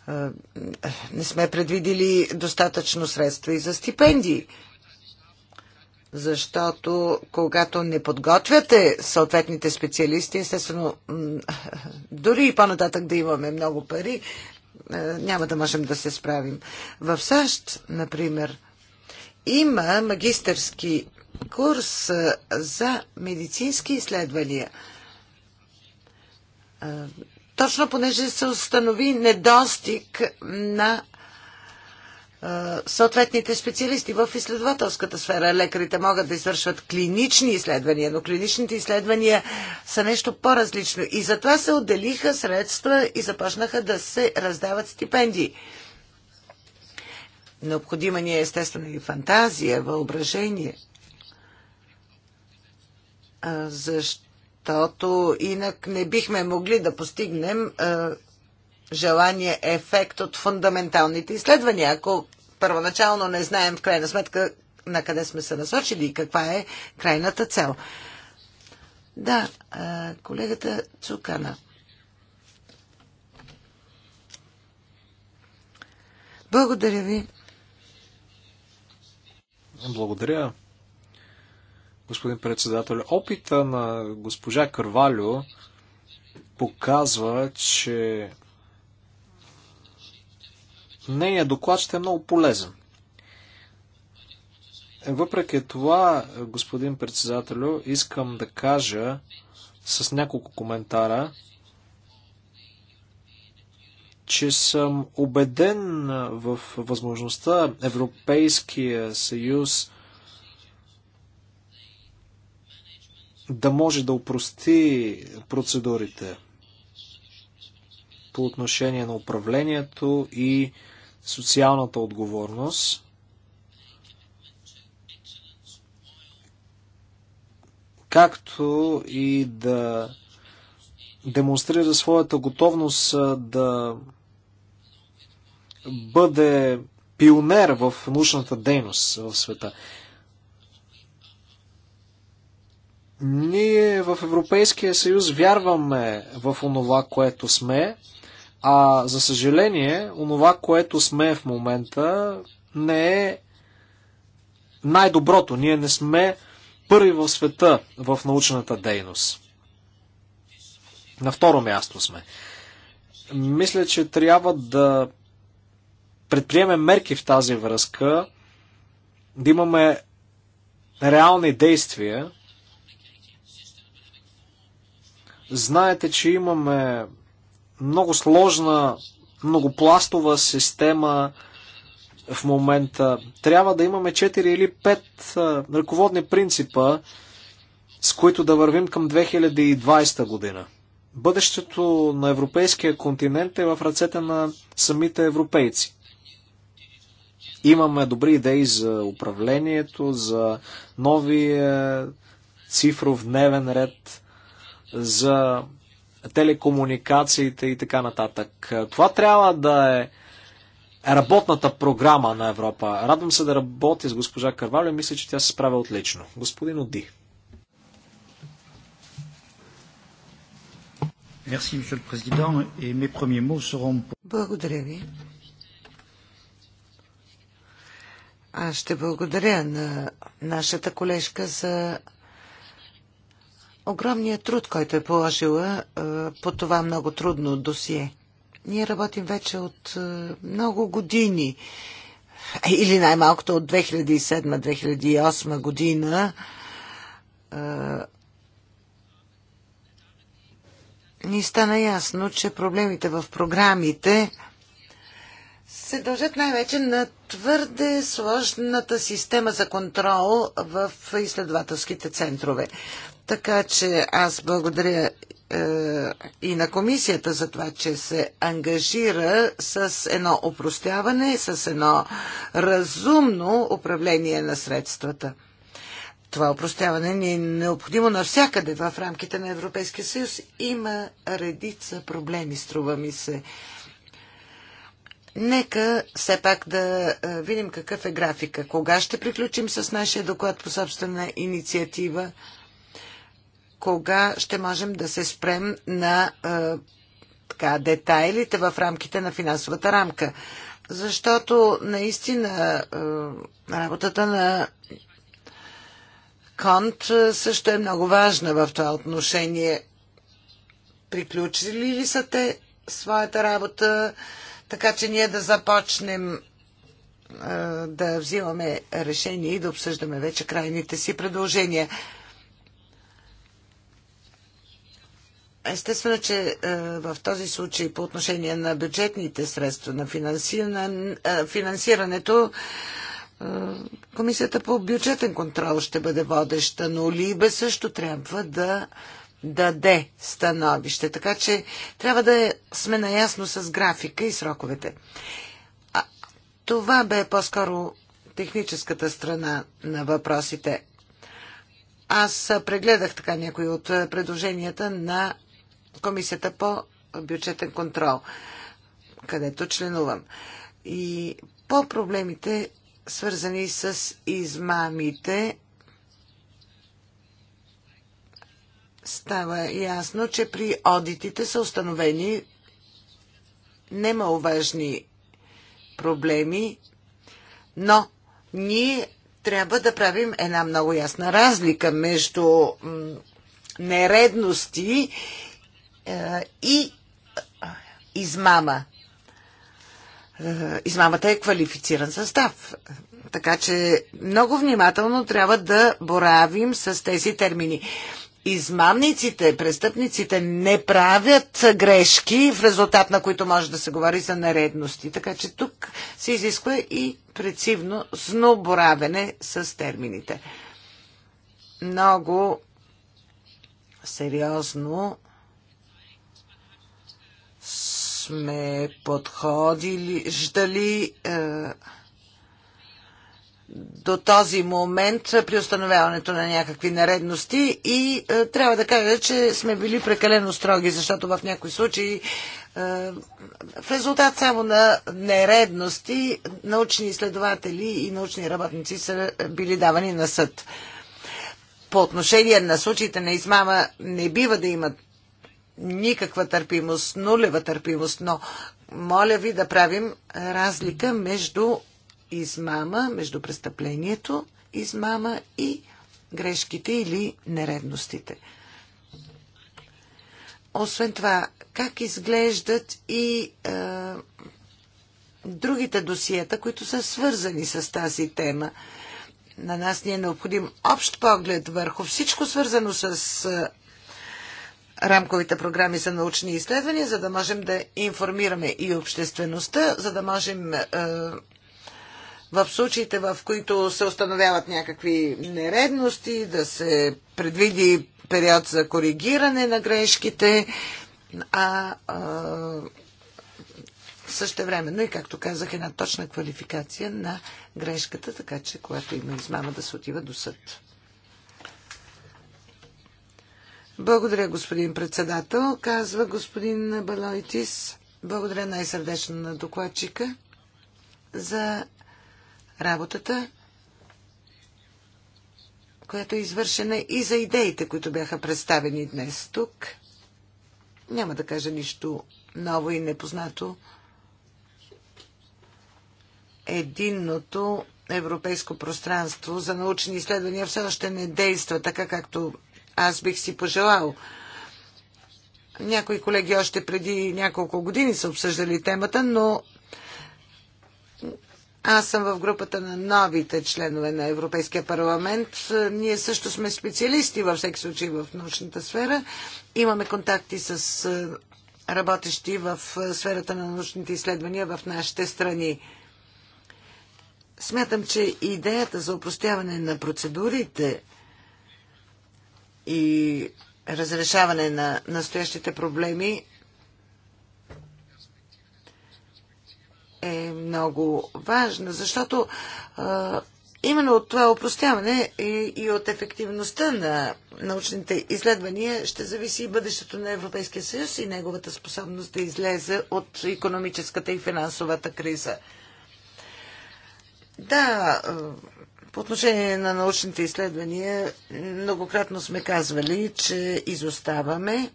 Е, не сме предвидили достатъчно средства и за стипендии. Защото когато не подготвяте съответните специалисти, естествено, дори и по-нататък да имаме много пари, е, няма да можем да се справим. В САЩ, например, има магистърски курс е, за медицински изследвания точно понеже се установи недостиг на съответните специалисти в изследователската сфера. Лекарите могат да извършват клинични изследвания, но клиничните изследвания са нещо по-различно. И затова се отделиха средства и започнаха да се раздават стипендии. Необходима ни е естествено и фантазия, въображение. Защо? защото инак не бихме могли да постигнем е, желания ефект от фундаменталните изследвания, ако първоначално не знаем в крайна сметка на къде сме се насочили и каква е крайната цел. Да, е, колегата Цукана. Благодаря ви. Благодаря господин председател. Опита на госпожа Карвалю показва, че нейният доклад ще е много полезен. Въпреки това, господин председател, искам да кажа с няколко коментара, че съм убеден в възможността Европейския съюз да може да упрости процедурите по отношение на управлението и социалната отговорност. както и да демонстрира своята готовност да бъде пионер в научната дейност в света. Ние в Европейския съюз вярваме в онова, което сме, а за съжаление, онова, което сме в момента, не е най-доброто. Ние не сме първи в света в научната дейност. На второ място сме. Мисля, че трябва да предприемем мерки в тази връзка, да имаме реални действия, Знаете, че имаме много сложна, многопластова система в момента. Трябва да имаме 4 или 5 ръководни принципа, с които да вървим към 2020 година. Бъдещето на европейския континент е в ръцете на самите европейци. Имаме добри идеи за управлението, за новия цифров дневен ред за телекомуникациите и така нататък. Това трябва да е работната програма на Европа. Радвам се да работя с госпожа и Мисля, че тя се справя отлично. Господин Оди. Благодаря ви. Аз ще благодаря на нашата колежка за огромният труд, който е положила е, по това много трудно досие. Ние работим вече от е, много години, или най-малкото от 2007-2008 година. Е, ни стана ясно, че проблемите в програмите се дължат най-вече на твърде сложната система за контрол в изследователските центрове. Така че аз благодаря е, и на комисията за това, че се ангажира с едно опростяване, с едно разумно управление на средствата. Това опростяване ни е необходимо навсякъде в рамките на Европейския съюз. Има редица проблеми, струва ми се. Нека все пак да е, видим какъв е графика. Кога ще приключим с нашия доклад по собствена инициатива? кога ще можем да се спрем на така, детайлите в рамките на финансовата рамка. Защото наистина работата на Конт също е много важна в това отношение. Приключили ли са те своята работа, така че ние да започнем да взимаме решение и да обсъждаме вече крайните си предложения. Естествено, че е, в този случай по отношение на бюджетните средства, на е, финансирането, е, Комисията по бюджетен контрол ще бъде водеща, но Либе също трябва да даде становище. Така че трябва да сме наясно с графика и сроковете. А, това бе по-скоро техническата страна на въпросите. Аз прегледах така някои от предложенията на Комисията по бюджетен контрол, където членувам. И по проблемите, свързани с измамите, става ясно, че при одитите са установени немаловажни проблеми, но ние трябва да правим една много ясна разлика между нередности е, и измама. Е, измамата е квалифициран състав. Така че много внимателно трябва да боравим с тези термини. Измамниците, престъпниците не правят грешки, в резултат на които може да се говори за наредности. Така че тук се изисква и прецивно зноборавене с термините. Много сериозно сме подходили, ждали е, до този момент при установяването на някакви наредности и е, трябва да кажа, че сме били прекалено строги, защото в някои случаи е, в резултат само на нередности научни изследователи и научни работници са били давани на съд. По отношение на случаите на измама не бива да имат никаква търпимост, нулева търпимост, но моля ви да правим разлика между измама, между престъплението измама и грешките или нередностите. Освен това, как изглеждат и е, другите досиета, които са свързани с тази тема. На нас ни е необходим общ поглед върху всичко свързано с е, рамковите програми за научни изследвания, за да можем да информираме и обществеността, за да можем е, в случаите, в които се установяват някакви нередности, да се предвиди период за коригиране на грешките, а, а също времено и, както казах, една точна квалификация на грешката, така че когато има измама да се отива до съд. Благодаря, господин председател, казва господин Балойтис. Благодаря най-сърдечно на докладчика за работата, която е извършена и за идеите, които бяха представени днес тук. Няма да кажа нищо ново и непознато. Единното европейско пространство за научни изследвания все още не действа така, както аз бих си пожелал. Някои колеги още преди няколко години са обсъждали темата, но аз съм в групата на новите членове на Европейския парламент. Ние също сме специалисти във всеки случай в научната сфера. Имаме контакти с работещи в сферата на научните изследвания в нашите страни. Смятам, че идеята за опростяване на процедурите и разрешаване на настоящите проблеми е много важна, защото а, именно от това опростяване и, и от ефективността на научните изследвания ще зависи и бъдещето на Европейския съюз и неговата способност да излезе от економическата и финансовата криза. Да, по отношение на научните изследвания, многократно сме казвали, че изоставаме.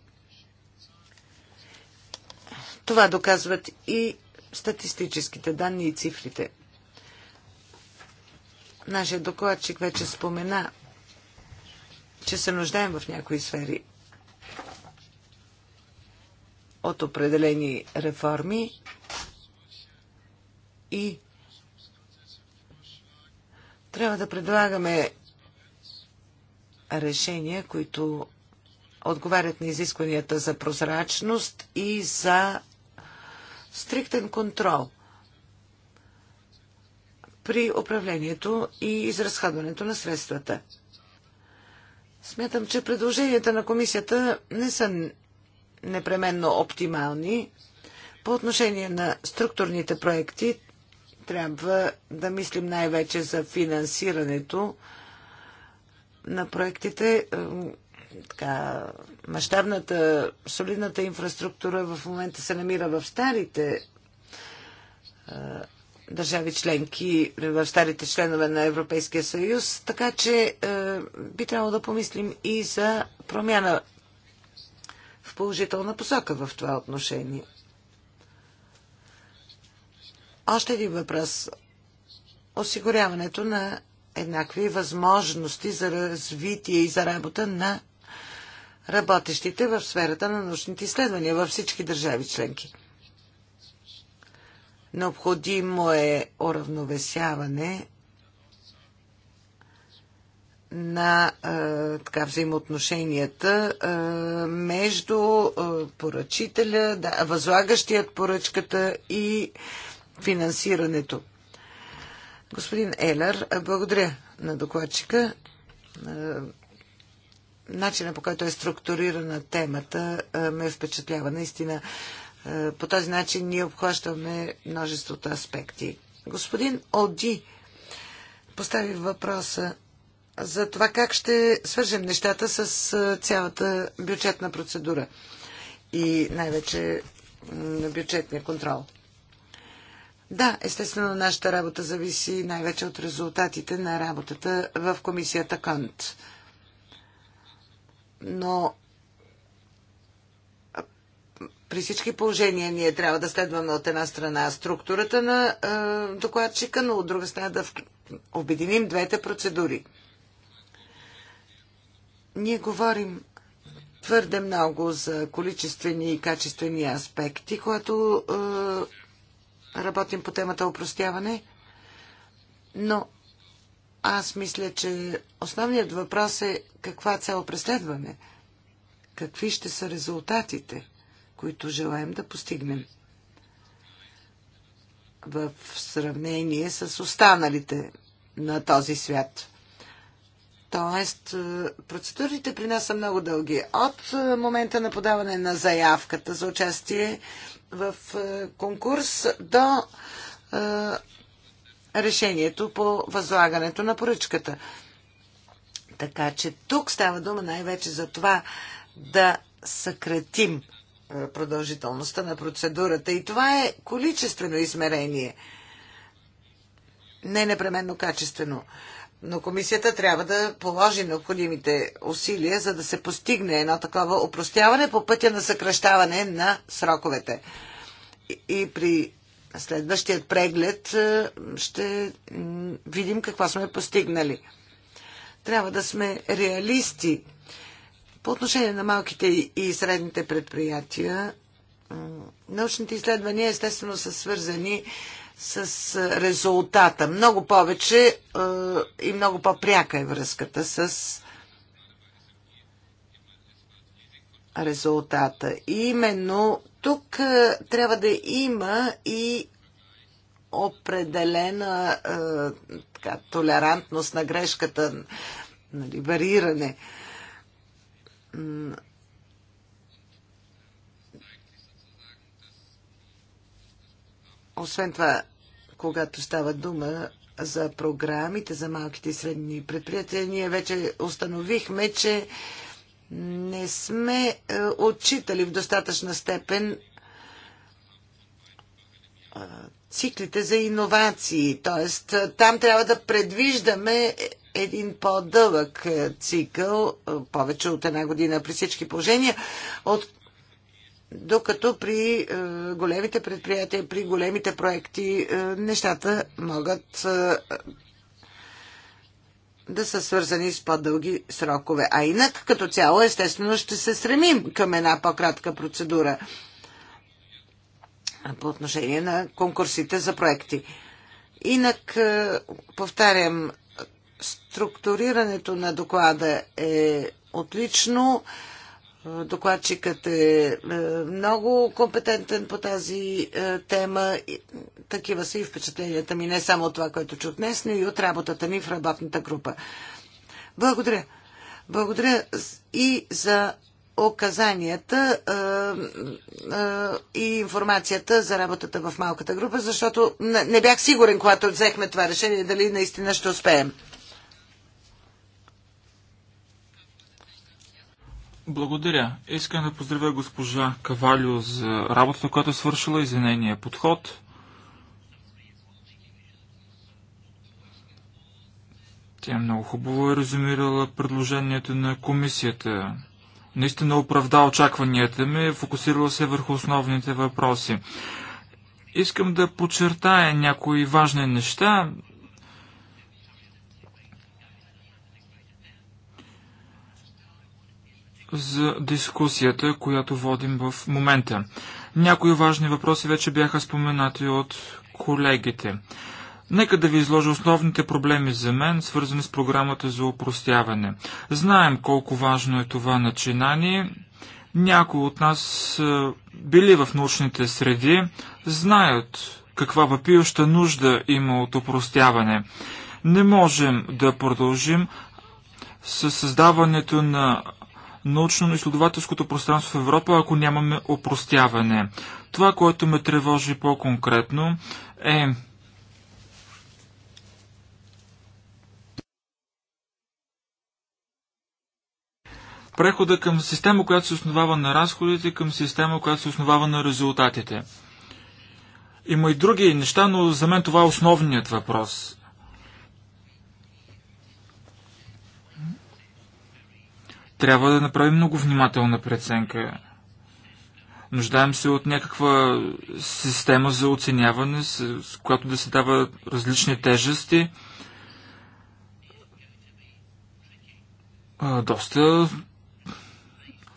Това доказват и статистическите данни и цифрите. Нашия докладчик вече спомена, че се нуждаем в някои сфери от определени реформи и трябва да предлагаме решения, които отговарят на изискванията за прозрачност и за стриктен контрол при управлението и изразходването на средствата. Смятам, че предложенията на комисията не са непременно оптимални. По отношение на структурните проекти, трябва да мислим най-вече за финансирането на проектите. Така, мащабната, солидната инфраструктура в момента се намира в старите е, държави членки, в старите членове на Европейския съюз, така че е, би трябвало да помислим и за промяна в положителна посока в това отношение. Още един въпрос. Осигуряването на еднакви възможности за развитие и за работа на работещите в сферата на научните изследвания във всички държави членки. Необходимо е уравновесяване на е, така, взаимоотношенията е, между е, поръчителя, да, възлагащият поръчката и е, финансирането. Господин Елер, благодаря на докладчика. Е, начина по който е структурирана темата е, ме впечатлява. Наистина, е, по този начин ние обхващаме множеството аспекти. Господин Оди постави въпроса за това как ще свържем нещата с цялата бюджетна процедура и най-вече бюджетния контрол. Да, естествено, нашата работа зависи най-вече от резултатите на работата в комисията Кант. Но при всички положения ние трябва да следваме от една страна структурата на е, докладчика, но от друга страна да в... обединим двете процедури. Ние говорим твърде много за количествени и качествени аспекти, което е, работим по темата опростяване, но аз мисля, че основният въпрос е каква цел преследваме, какви ще са резултатите, които желаем да постигнем в сравнение с останалите на този свят. Тоест, е, процедурите при нас са много дълги. От е, момента на подаване на заявката за участие в е, конкурс до е, решението по възлагането на поръчката. Така че тук става дума най-вече за това да съкратим е, продължителността на процедурата. И това е количествено измерение, не непременно качествено. Но комисията трябва да положи необходимите усилия, за да се постигне едно такова опростяване по пътя на съкръщаване на сроковете. И при следващият преглед е, ще видим какво сме постигнали. Трябва да сме реалисти. По отношение на малките и средните предприятия, научните изследвания естествено са свързани с резултата. Много повече и много по-пряка е връзката с резултата. И именно тук трябва да има и определена така, толерантност на грешката, нали, вариране Освен това, когато става дума за програмите за малките и средни предприятия, ние вече установихме, че не сме е, отчитали в достатъчна степен е, циклите за иновации. Тоест, е, там трябва да предвиждаме един по-дълъг цикъл, повече от една година при всички положения, от докато при е, големите предприятия, при големите проекти, е, нещата могат е, да са свързани с по-дълги срокове. А инак, като цяло, естествено, ще се стремим към една по-кратка процедура по отношение на конкурсите за проекти. Инак, повтарям, структурирането на доклада е отлично. Докладчикът е, е много компетентен по тази е, тема. Такива са и впечатленията ми, не само от това, което чух днес, но и от работата ми в работната група. Благодаря. Благодаря и за оказанията е, и информацията за работата в малката група, защото не бях сигурен, когато взехме това решение, дали наистина ще успеем. Благодаря. Искам да поздравя госпожа Кавалио за работата, която е свършила и за нейния подход. Тя много хубаво е резюмирала предложението на комисията. Наистина оправда очакванията ми, фокусирала се върху основните въпроси. Искам да подчертая някои важни неща, за дискусията, която водим в момента. Някои важни въпроси вече бяха споменати от колегите. Нека да ви изложа основните проблеми за мен, свързани с програмата за упростяване. Знаем колко важно е това начинание. Някои от нас е, били в научните среди, знаят каква въпиваща нужда има от упростяване. Не можем да продължим със създаването на научно-изследователското пространство в Европа, ако нямаме опростяване. Това, което ме тревожи по-конкретно е прехода към система, която се основава на разходите, към система, която се основава на резултатите. Има и други неща, но за мен това е основният въпрос. трябва да направим много внимателна преценка. Нуждаем се от някаква система за оценяване, с, която да се дава различни тежести. А, доста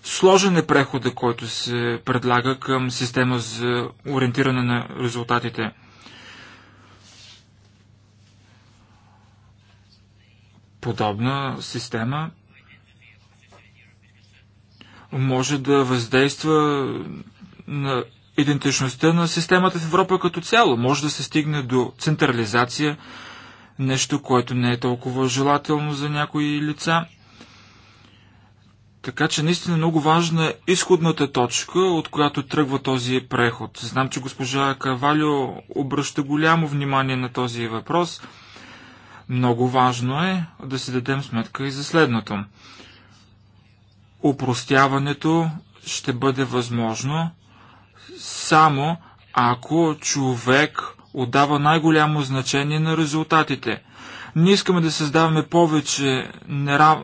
сложен е прехода, който се предлага към система за ориентиране на резултатите. Подобна система може да въздейства на идентичността на системата в Европа като цяло. Може да се стигне до централизация, нещо, което не е толкова желателно за някои лица. Така че наистина много важна е изходната точка, от която тръгва този преход. Знам, че госпожа Кавалио обръща голямо внимание на този въпрос. Много важно е да си дадем сметка и за следното. Упростяването ще бъде възможно само ако човек отдава най-голямо значение на резултатите. Не искаме да създаваме повече нерав...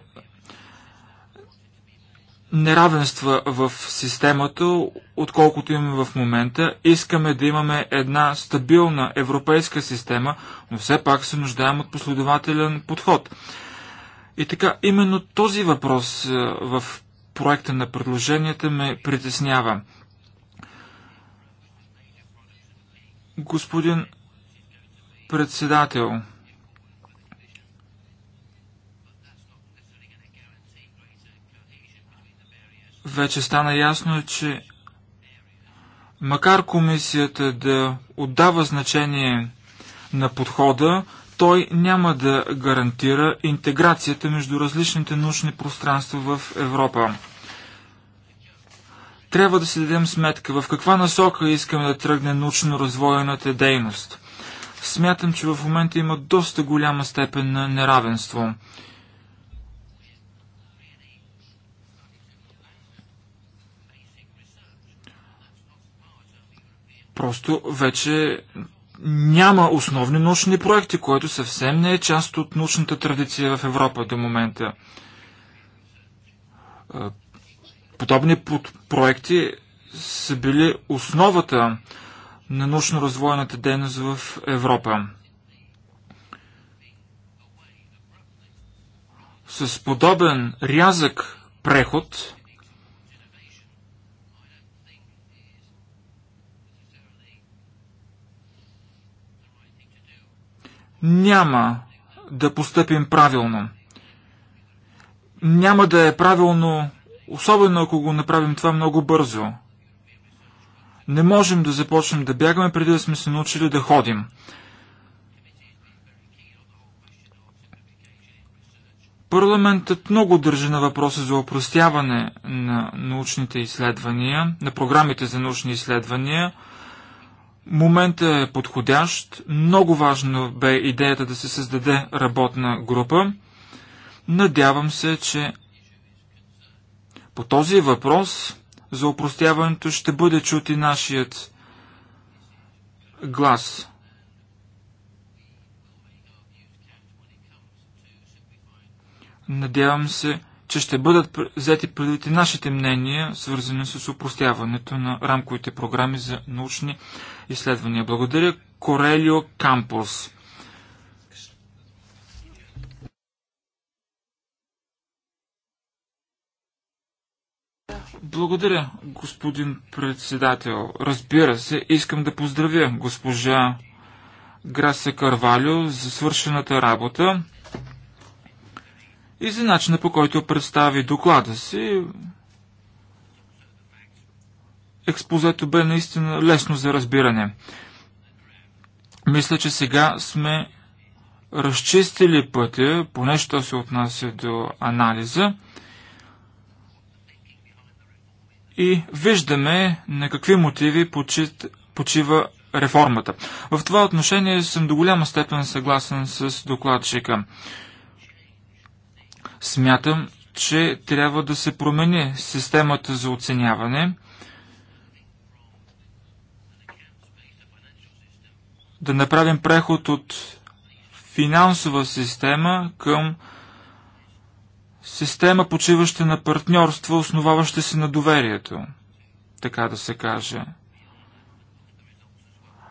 неравенства в системата, отколкото имаме в момента. Искаме да имаме една стабилна европейска система, но все пак се нуждаем от последователен подход. И така, именно този въпрос е, в проекта на предложенията ме притеснява. Господин председател, вече стана ясно, че макар комисията да отдава значение на подхода, той няма да гарантира интеграцията между различните научни пространства в Европа. Трябва да си дадем сметка в каква насока искаме да тръгне научно развоената дейност. Смятам, че в момента има доста голяма степен на неравенство. Просто вече няма основни научни проекти, което съвсем не е част от научната традиция в Европа до момента. Е, подобни проекти са били основата на научно-развойната дейност в Европа. С подобен рязък преход няма да постъпим правилно. Няма да е правилно, особено ако го направим това много бързо. Не можем да започнем да бягаме преди да сме се научили да ходим. Парламентът много държи на въпроса за опростяване на научните изследвания, на програмите за научни изследвания – Моментът е подходящ. Много важно бе идеята да се създаде работна група. Надявам се, че по този въпрос за упростяването ще бъде чут и нашият глас. Надявам се, че ще бъдат взети предвид и нашите мнения, свързани с упростяването на рамковите програми за научни изследвания. Благодаря Корелио Кампус. Благодаря, господин председател. Разбира се, искам да поздравя госпожа Граса Карвалио за свършената работа и за начина по който представи доклада си. Експозето бе наистина лесно за разбиране. Мисля, че сега сме разчистили пътя, поне що се отнася до анализа. И виждаме на какви мотиви почива реформата. В това отношение съм до голяма степен съгласен с докладчика. Смятам, че трябва да се промени системата за оценяване, да направим преход от финансова система към система, почиваща на партньорство, основаваща се на доверието, така да се каже.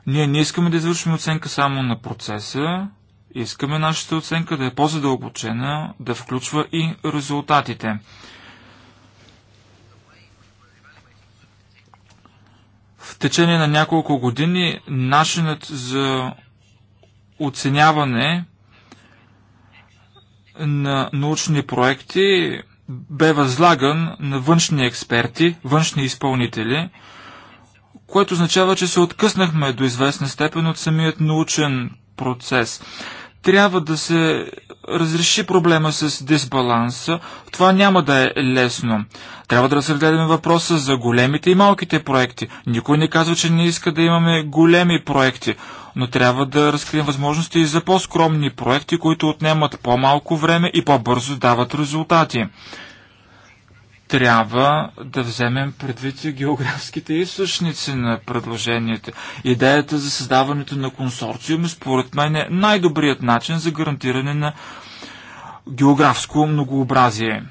Ние не искаме да извършим оценка само на процеса, Искаме нашата оценка да е по-задълбочена, да включва и резултатите. В течение на няколко години начинът за оценяване на научни проекти бе възлаган на външни експерти, външни изпълнители, което означава, че се откъснахме до известна степен от самият научен процес. Трябва да се разреши проблема с дисбаланса. Това няма да е лесно. Трябва да разгледаме въпроса за големите и малките проекти. Никой не казва, че не иска да имаме големи проекти, но трябва да разкрием възможности и за по-скромни проекти, които отнемат по-малко време и по-бързо дават резултати трябва да вземем предвид и географските източници на предложенията. Идеята за създаването на консорциум е, според мен е най-добрият начин за гарантиране на географско многообразие.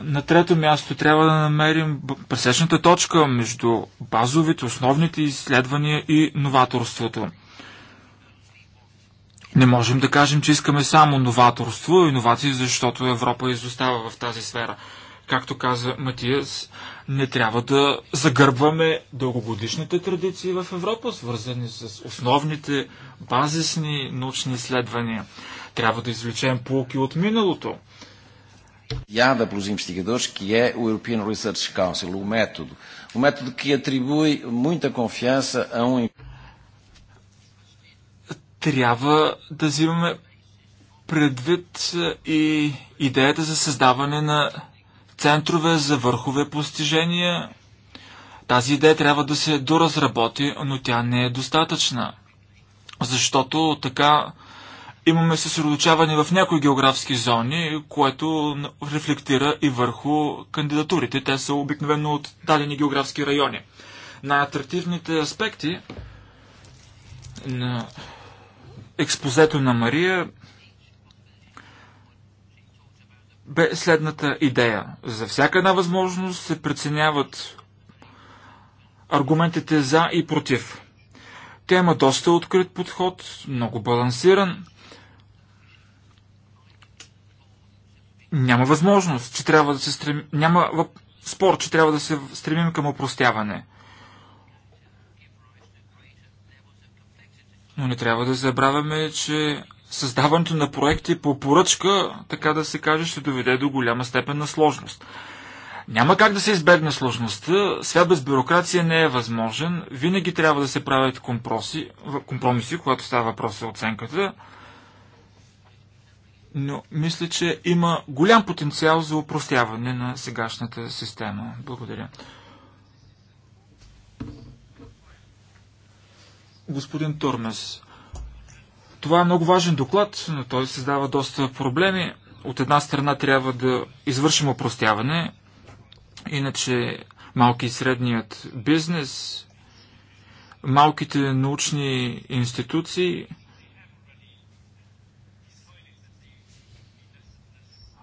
На трето място трябва да намерим пресечната точка между базовите, основните изследвания и новаторството. Не можем да кажем, че искаме само новаторство и иновации, защото Европа изостава в тази сфера. Както каза Матиас, не трябва да загърбваме дългогодишните традиции в Европа, свързани с основните базисни научни изследвания. Трябва да извлечем полки от миналото. Я да investigadores, que е European Research Council, у метод. У метод que atribui муйта конфианса а um трябва да взимаме предвид и идеята за създаване на центрове за върхове постижения. Тази идея трябва да се доразработи, но тя не е достатъчна, защото така имаме съсредоточаване в някои географски зони, което рефлектира и върху кандидатурите. Те са обикновено от дадени географски райони. Най-атрактивните аспекти на експозето на Мария бе следната идея. За всяка една възможност се преценяват аргументите за и против. Тя има доста открит подход, много балансиран. Няма възможност, че трябва да се стремим, Няма спор, че трябва да се стремим към опростяване – Но не трябва да забравяме, че създаването на проекти по поръчка, така да се каже, ще доведе до голяма степен на сложност. Няма как да се избегне сложността, свят без бюрокрация не е възможен, винаги трябва да се правят компроси, компромиси, когато става въпрос за оценката, но мисля, че има голям потенциал за упростяване на сегашната система. Благодаря. господин Турмес. Това е много важен доклад, но той създава доста проблеми. От една страна трябва да извършим опростяване, иначе малки и средният бизнес, малките научни институции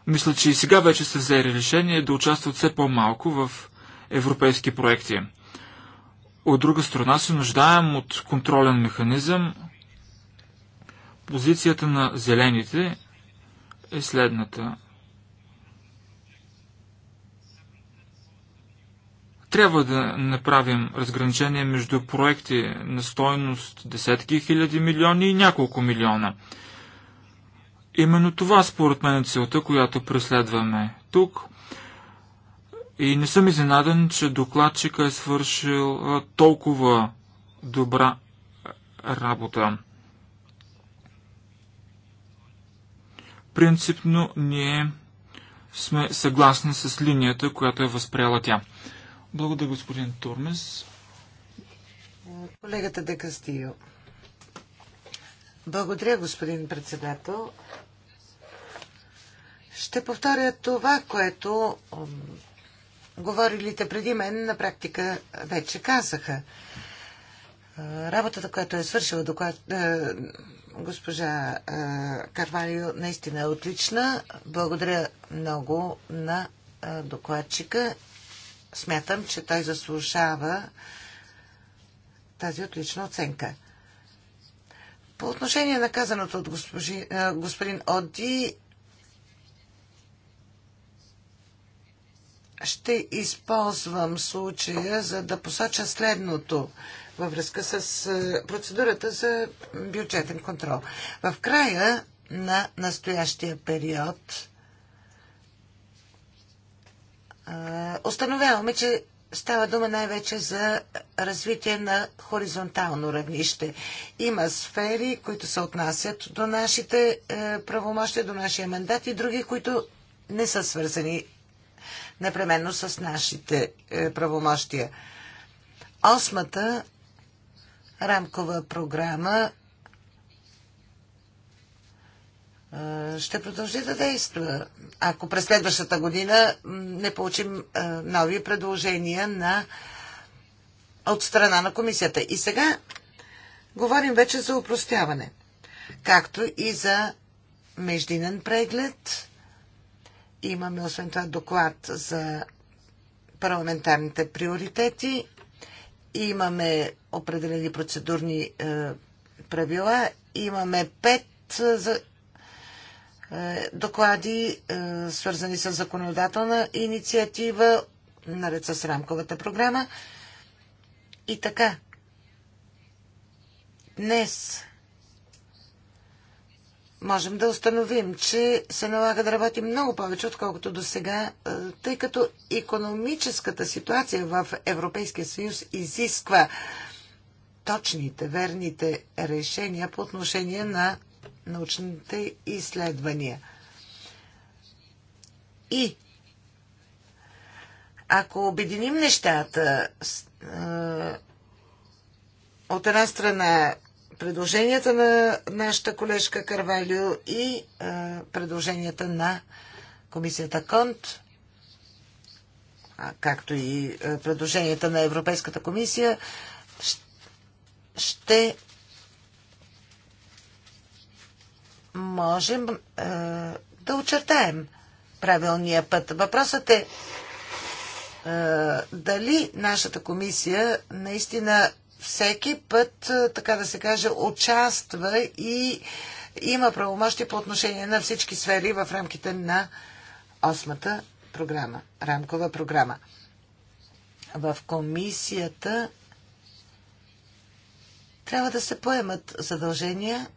мисля, че и сега вече са взели решение да участват все по-малко в европейски проекти. От друга страна се нуждаем от контролен механизъм. Позицията на зелените е следната. Трябва да направим разграничение между проекти на стойност десетки хиляди милиони и няколко милиона. Именно това според мен е целта, която преследваме. Тук и не съм изненадан, че докладчика е свършил толкова добра работа. Принципно ние сме съгласни с линията, която е възприяла тя. Благодаря, господин Турмес. Колегата Де Кастио. Благодаря, господин председател. Ще повторя това, което говорилите преди мен на практика вече казаха. Работата, която е свършила доклад, госпожа Карвалио, наистина е отлична. Благодаря много на докладчика. Смятам, че той заслужава тази отлична оценка. По отношение на казаното от госпожи, господин Оди, ще използвам случая, за да посоча следното във връзка с е, процедурата за бюджетен контрол. В края на настоящия период е, установяваме, че става дума най-вече за развитие на хоризонтално равнище. Има сфери, които се отнасят до нашите е, правомощия, до нашия мандат и други, които не са свързани непременно с нашите е, правомощия. Осмата рамкова програма е, ще продължи да действа. Ако през следващата година не получим е, нови предложения на, от страна на комисията. И сега говорим вече за упростяване, както и за междинен преглед Имаме освен това доклад за парламентарните приоритети. Имаме определени процедурни е, правила. Имаме пет е, за, е, доклади, е, свързани с законодателна инициатива, наред с рамковата програма. И така, днес можем да установим, че се налага да работим много повече, отколкото до сега, е, тъй като економическата ситуация в Европейския съюз изисква точните, верните решения по отношение на научните изследвания. И ако обединим нещата, е, от една страна предложенията на нашата колежка Карвалио и а, предложенията на комисията Конт, а, както и а, предложенията на Европейската комисия, ще можем а, да очертаем правилния път. Въпросът е а, дали нашата комисия наистина всеки път, е, така да се каже, участва и има правомощи по отношение на всички сфери в рамките на осмата програма, рамкова програма. В комисията трябва да се поемат задължения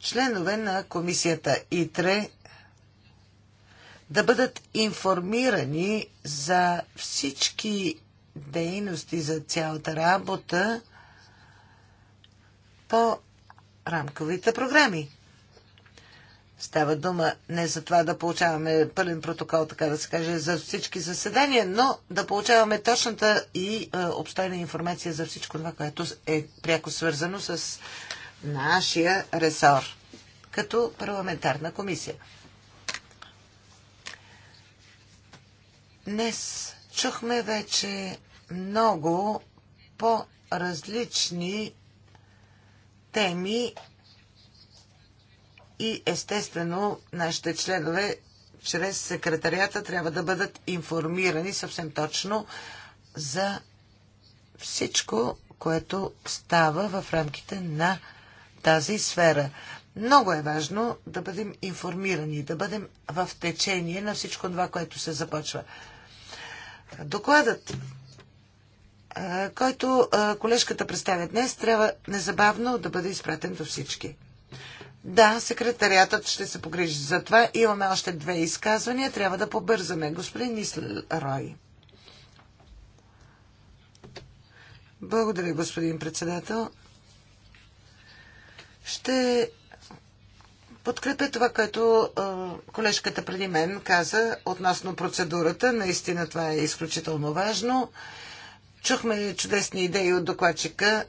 членове на комисията ИТРЕ да бъдат информирани за всички Дейности за цялата работа по рамковите програми. Става дума не за това да получаваме пълен протокол, така да се каже, за всички заседания, но да получаваме точната и е, обстойна информация за всичко това, което е пряко свързано с нашия ресор като парламентарна комисия. Днес чухме вече много по-различни теми и естествено нашите членове чрез секретарията трябва да бъдат информирани съвсем точно за всичко, което става в рамките на тази сфера. Много е важно да бъдем информирани, да бъдем в течение на всичко това, което се започва. Докладът който колежката представя днес, трябва незабавно да бъде изпратен до всички. Да, секретариатът ще се погрижи за това. Имаме още две изказвания. Трябва да побързаме. Господин Исл Рой. Благодаря, господин председател. Ще подкрепя това, което колежката преди мен каза относно процедурата. Наистина това е изключително важно. Чухме чудесни идеи от докладчика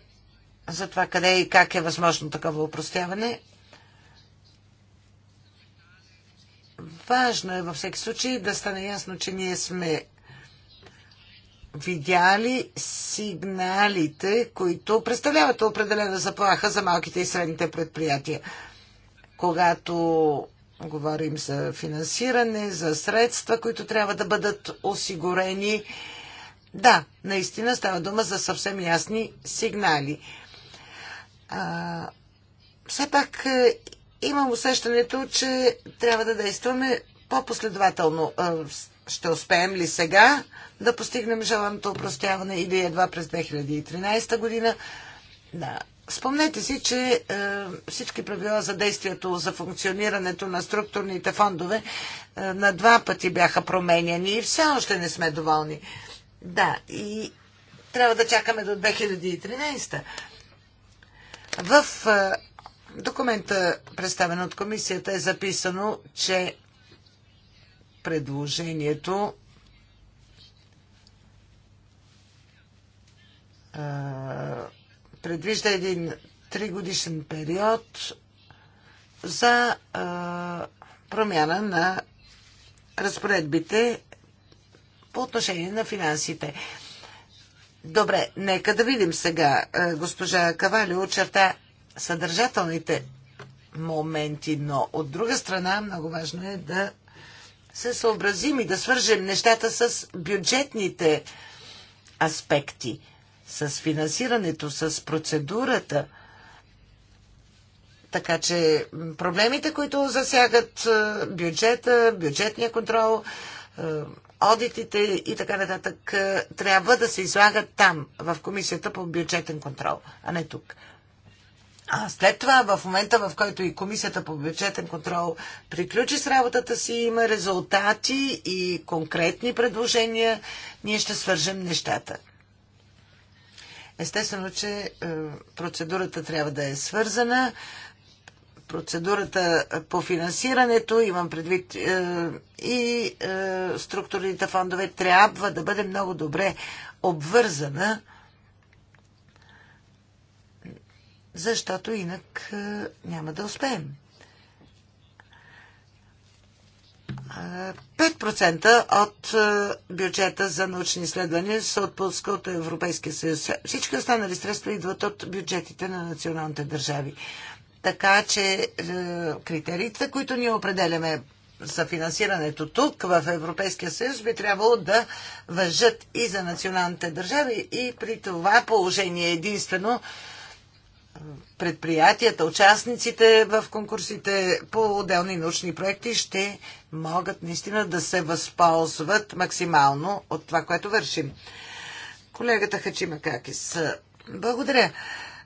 за това къде и как е възможно такова упростяване. Важно е във всеки случай да стане ясно, че ние сме видяли сигналите, които представляват определена заплаха за малките и средните предприятия. Когато говорим за финансиране, за средства, които трябва да бъдат осигурени, да, наистина става дума за съвсем ясни сигнали. А, все пак е, имам усещането, че трябва да действаме по-последователно. Ще успеем ли сега да постигнем желаното упростяване или едва през 2013 година? Да. Спомнете си, че е, всички правила за действието, за функционирането на структурните фондове е, на два пъти бяха променени и все още не сме доволни. Да, и трябва да чакаме до 2013. В документа, представен от комисията, е записано, че предложението предвижда един тригодишен период за промяна на разпоредбите по отношение на финансите. Добре, нека да видим сега. Е, госпожа Кавали очерта съдържателните моменти, но от друга страна много важно е да се съобразим и да свържем нещата с бюджетните аспекти, с финансирането, с процедурата. Така че проблемите, които засягат е, бюджета, бюджетния контрол, е, одитите и така нататък е, трябва да се излагат там, в комисията по бюджетен контрол, а не тук. А след това, в момента, в който и комисията по бюджетен контрол приключи с работата си, има резултати и конкретни предложения, ние ще свържем нещата. Естествено, че е, процедурата трябва да е свързана процедурата по финансирането, имам предвид е, и е, структурните фондове, трябва да бъде много добре обвързана, защото инак е, няма да успеем. 5% от бюджета за научни изследвания се отпуска от Европейския съюз. Всички останали средства идват от бюджетите на националните държави. Така че е, критериите, които ние определяме за финансирането тук в Европейския съюз, би трябвало да въжат и за националните държави и при това положение единствено е, предприятията, участниците в конкурсите по отделни научни проекти ще могат наистина да се възползват максимално от това, което вършим. Колегата Хачима Какис. Благодаря.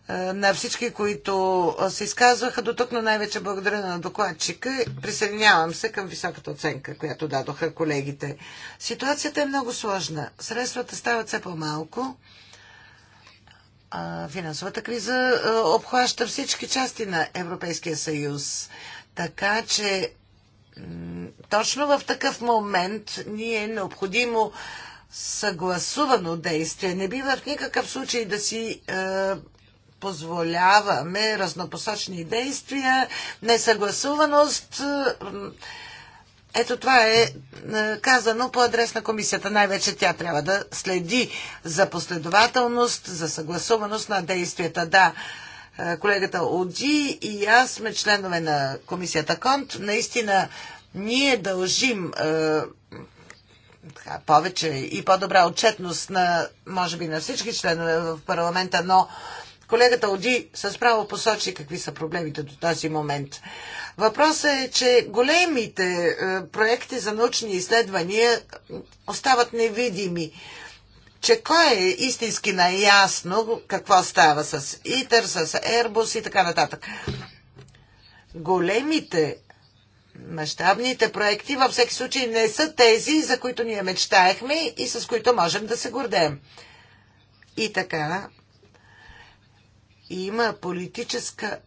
Е, на всички, които се изказваха до тук, но най-вече благодаря на докладчика. Присъединявам се към високата оценка, която дадоха колегите. Ситуацията е много сложна. Средствата стават все по-малко. Е, финансовата криза е, обхваща всички части на Европейския съюз. Така че точно в такъв момент ние е необходимо съгласувано действие. Не бива в никакъв случай да си позволяваме разнопосочни действия, несъгласуваност. Ето това е, е казано по адрес на комисията. Най-вече тя трябва да следи за последователност, за съгласуваност на действията. Да, е, колегата Оди и аз сме членове на комисията Конт. Наистина ние дължим е, повече и по-добра отчетност на, може би, на всички членове в парламента, но Колегата Оди с право посочи какви са проблемите до този момент. Въпросът е, че големите е, проекти за научни изследвания остават невидими че кой е истински наясно какво става с ИТЕР, с Airbus и така нататък. Големите мащабните проекти във всеки случай не са тези, за които ние мечтаехме и с които можем да се гордеем. И така, има политическа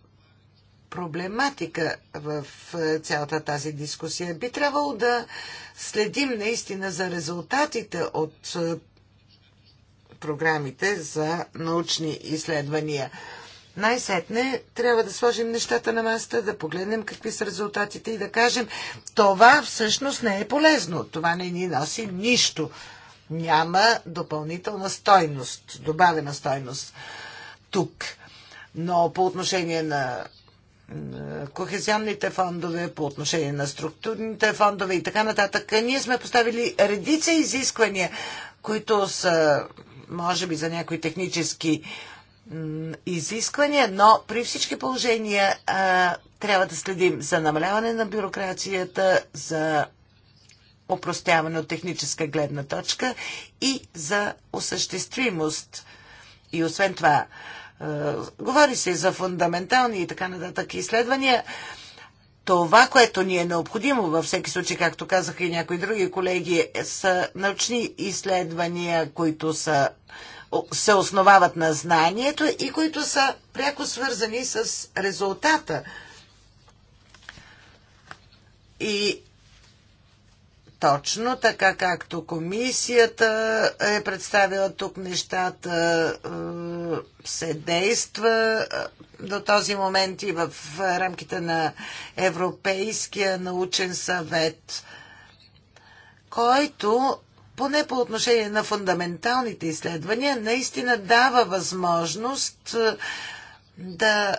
проблематика в е, цялата тази дискусия. Би трябвало да следим наистина за резултатите от е, програмите за научни изследвания. Най-сетне трябва да сложим нещата на масата, да погледнем какви са резултатите и да кажем, това всъщност не е полезно, това не ни носи нищо. Няма допълнителна стойност, добавена стойност тук. Но по отношение на кохезионните фондове, по отношение на структурните фондове и така нататък, ние сме поставили редица изисквания, които са, може би, за някои технически изисквания, но при всички положения а, трябва да следим за намаляване на бюрокрацията, за опростяване от техническа гледна точка и за осъществимост. И освен това, е, говори се за фундаментални и така нататък изследвания. Това, което ни е необходимо във всеки случай, както казаха и някои други колеги, са научни изследвания, които са, се основават на знанието и които са пряко свързани с резултата. И точно така, както комисията е представила тук нещата, е, се действа е, до този момент и в рамките на Европейския научен съвет, който поне по отношение на фундаменталните изследвания, наистина дава възможност е, да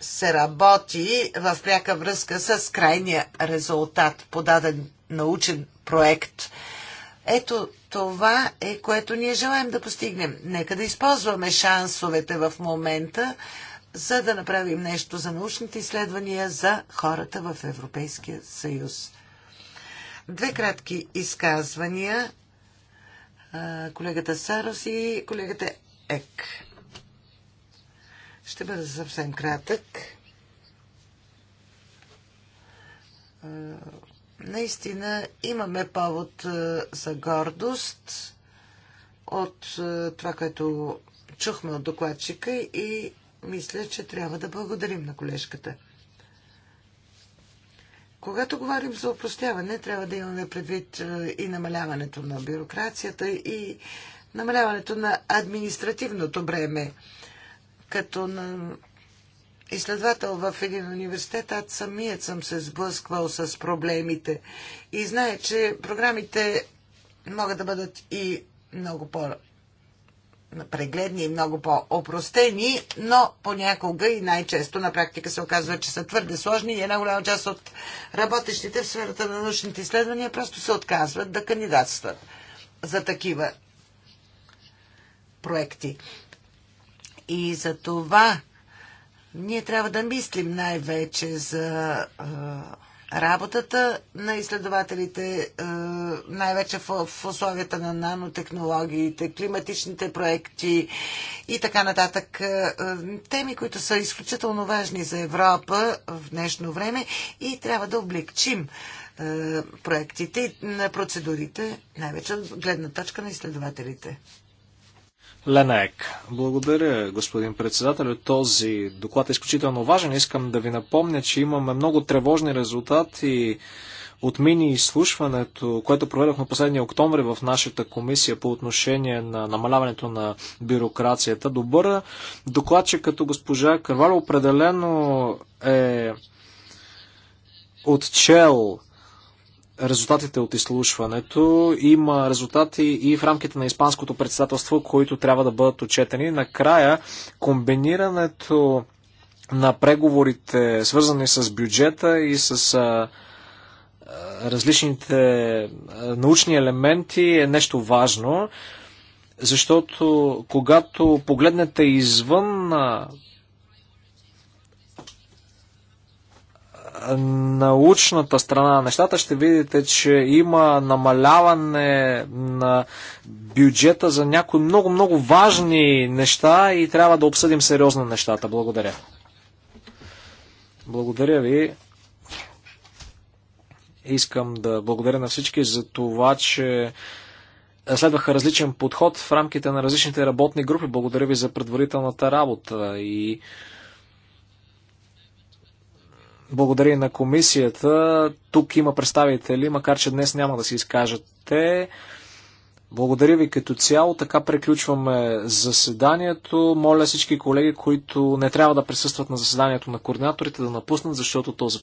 се работи в пряка връзка с крайния резултат, подаден научен проект. Ето това е което ние желаем да постигнем. Нека да използваме шансовете в момента, за да направим нещо за научните изследвания за хората в Европейския съюз. Две кратки изказвания. Колегата Сарос и колегата Ек. Ще бъда съвсем кратък. Наистина имаме повод за гордост от това, което чухме от докладчика и мисля, че трябва да благодарим на колежката. Когато говорим за опростяване, трябва да имаме предвид и намаляването на бюрокрацията и намаляването на административното бреме. Като на изследовател в един университет, аз самият съм се сблъсквал с проблемите и знае, че програмите могат да бъдат и много по- прегледни и много по-опростени, но понякога и най-често на практика се оказва, че са твърде сложни и една голяма част от работещите в сферата на научните изследвания просто се отказват да кандидатстват за такива проекти. И за това ние трябва да мислим най-вече за работата на изследователите, най-вече в, в условията на нанотехнологиите, климатичните проекти и така нататък. Теми, които са изключително важни за Европа в днешно време и трябва да облегчим проектите и на процедурите, най-вече от гледна точка на изследователите. Ленек. Благодаря, господин председател. Този доклад е изключително важен. Искам да ви напомня, че имаме много тревожни резултати от мини изслушването, което проведохме последния октомври в нашата комисия по отношение на намаляването на бюрокрацията. Добър че като госпожа Карвал определено е отчел резултатите от изслушването. Има резултати и в рамките на Испанското председателство, които трябва да бъдат отчетени. Накрая, комбинирането на преговорите, свързани с бюджета и с а, различните научни елементи, е нещо важно, защото когато погледнете извън научната страна на нещата ще видите, че има намаляване на бюджета за някои много-много важни неща и трябва да обсъдим сериозно нещата. Благодаря. Благодаря ви. Искам да благодаря на всички за това, че следваха различен подход в рамките на различните работни групи. Благодаря ви за предварителната работа и благодаря и на комисията. Тук има представители, макар че днес няма да се изкажат те. Благодаря ви като цяло. Така приключваме заседанието. Моля всички колеги, които не трябва да присъстват на заседанието на координаторите, да напуснат, защото този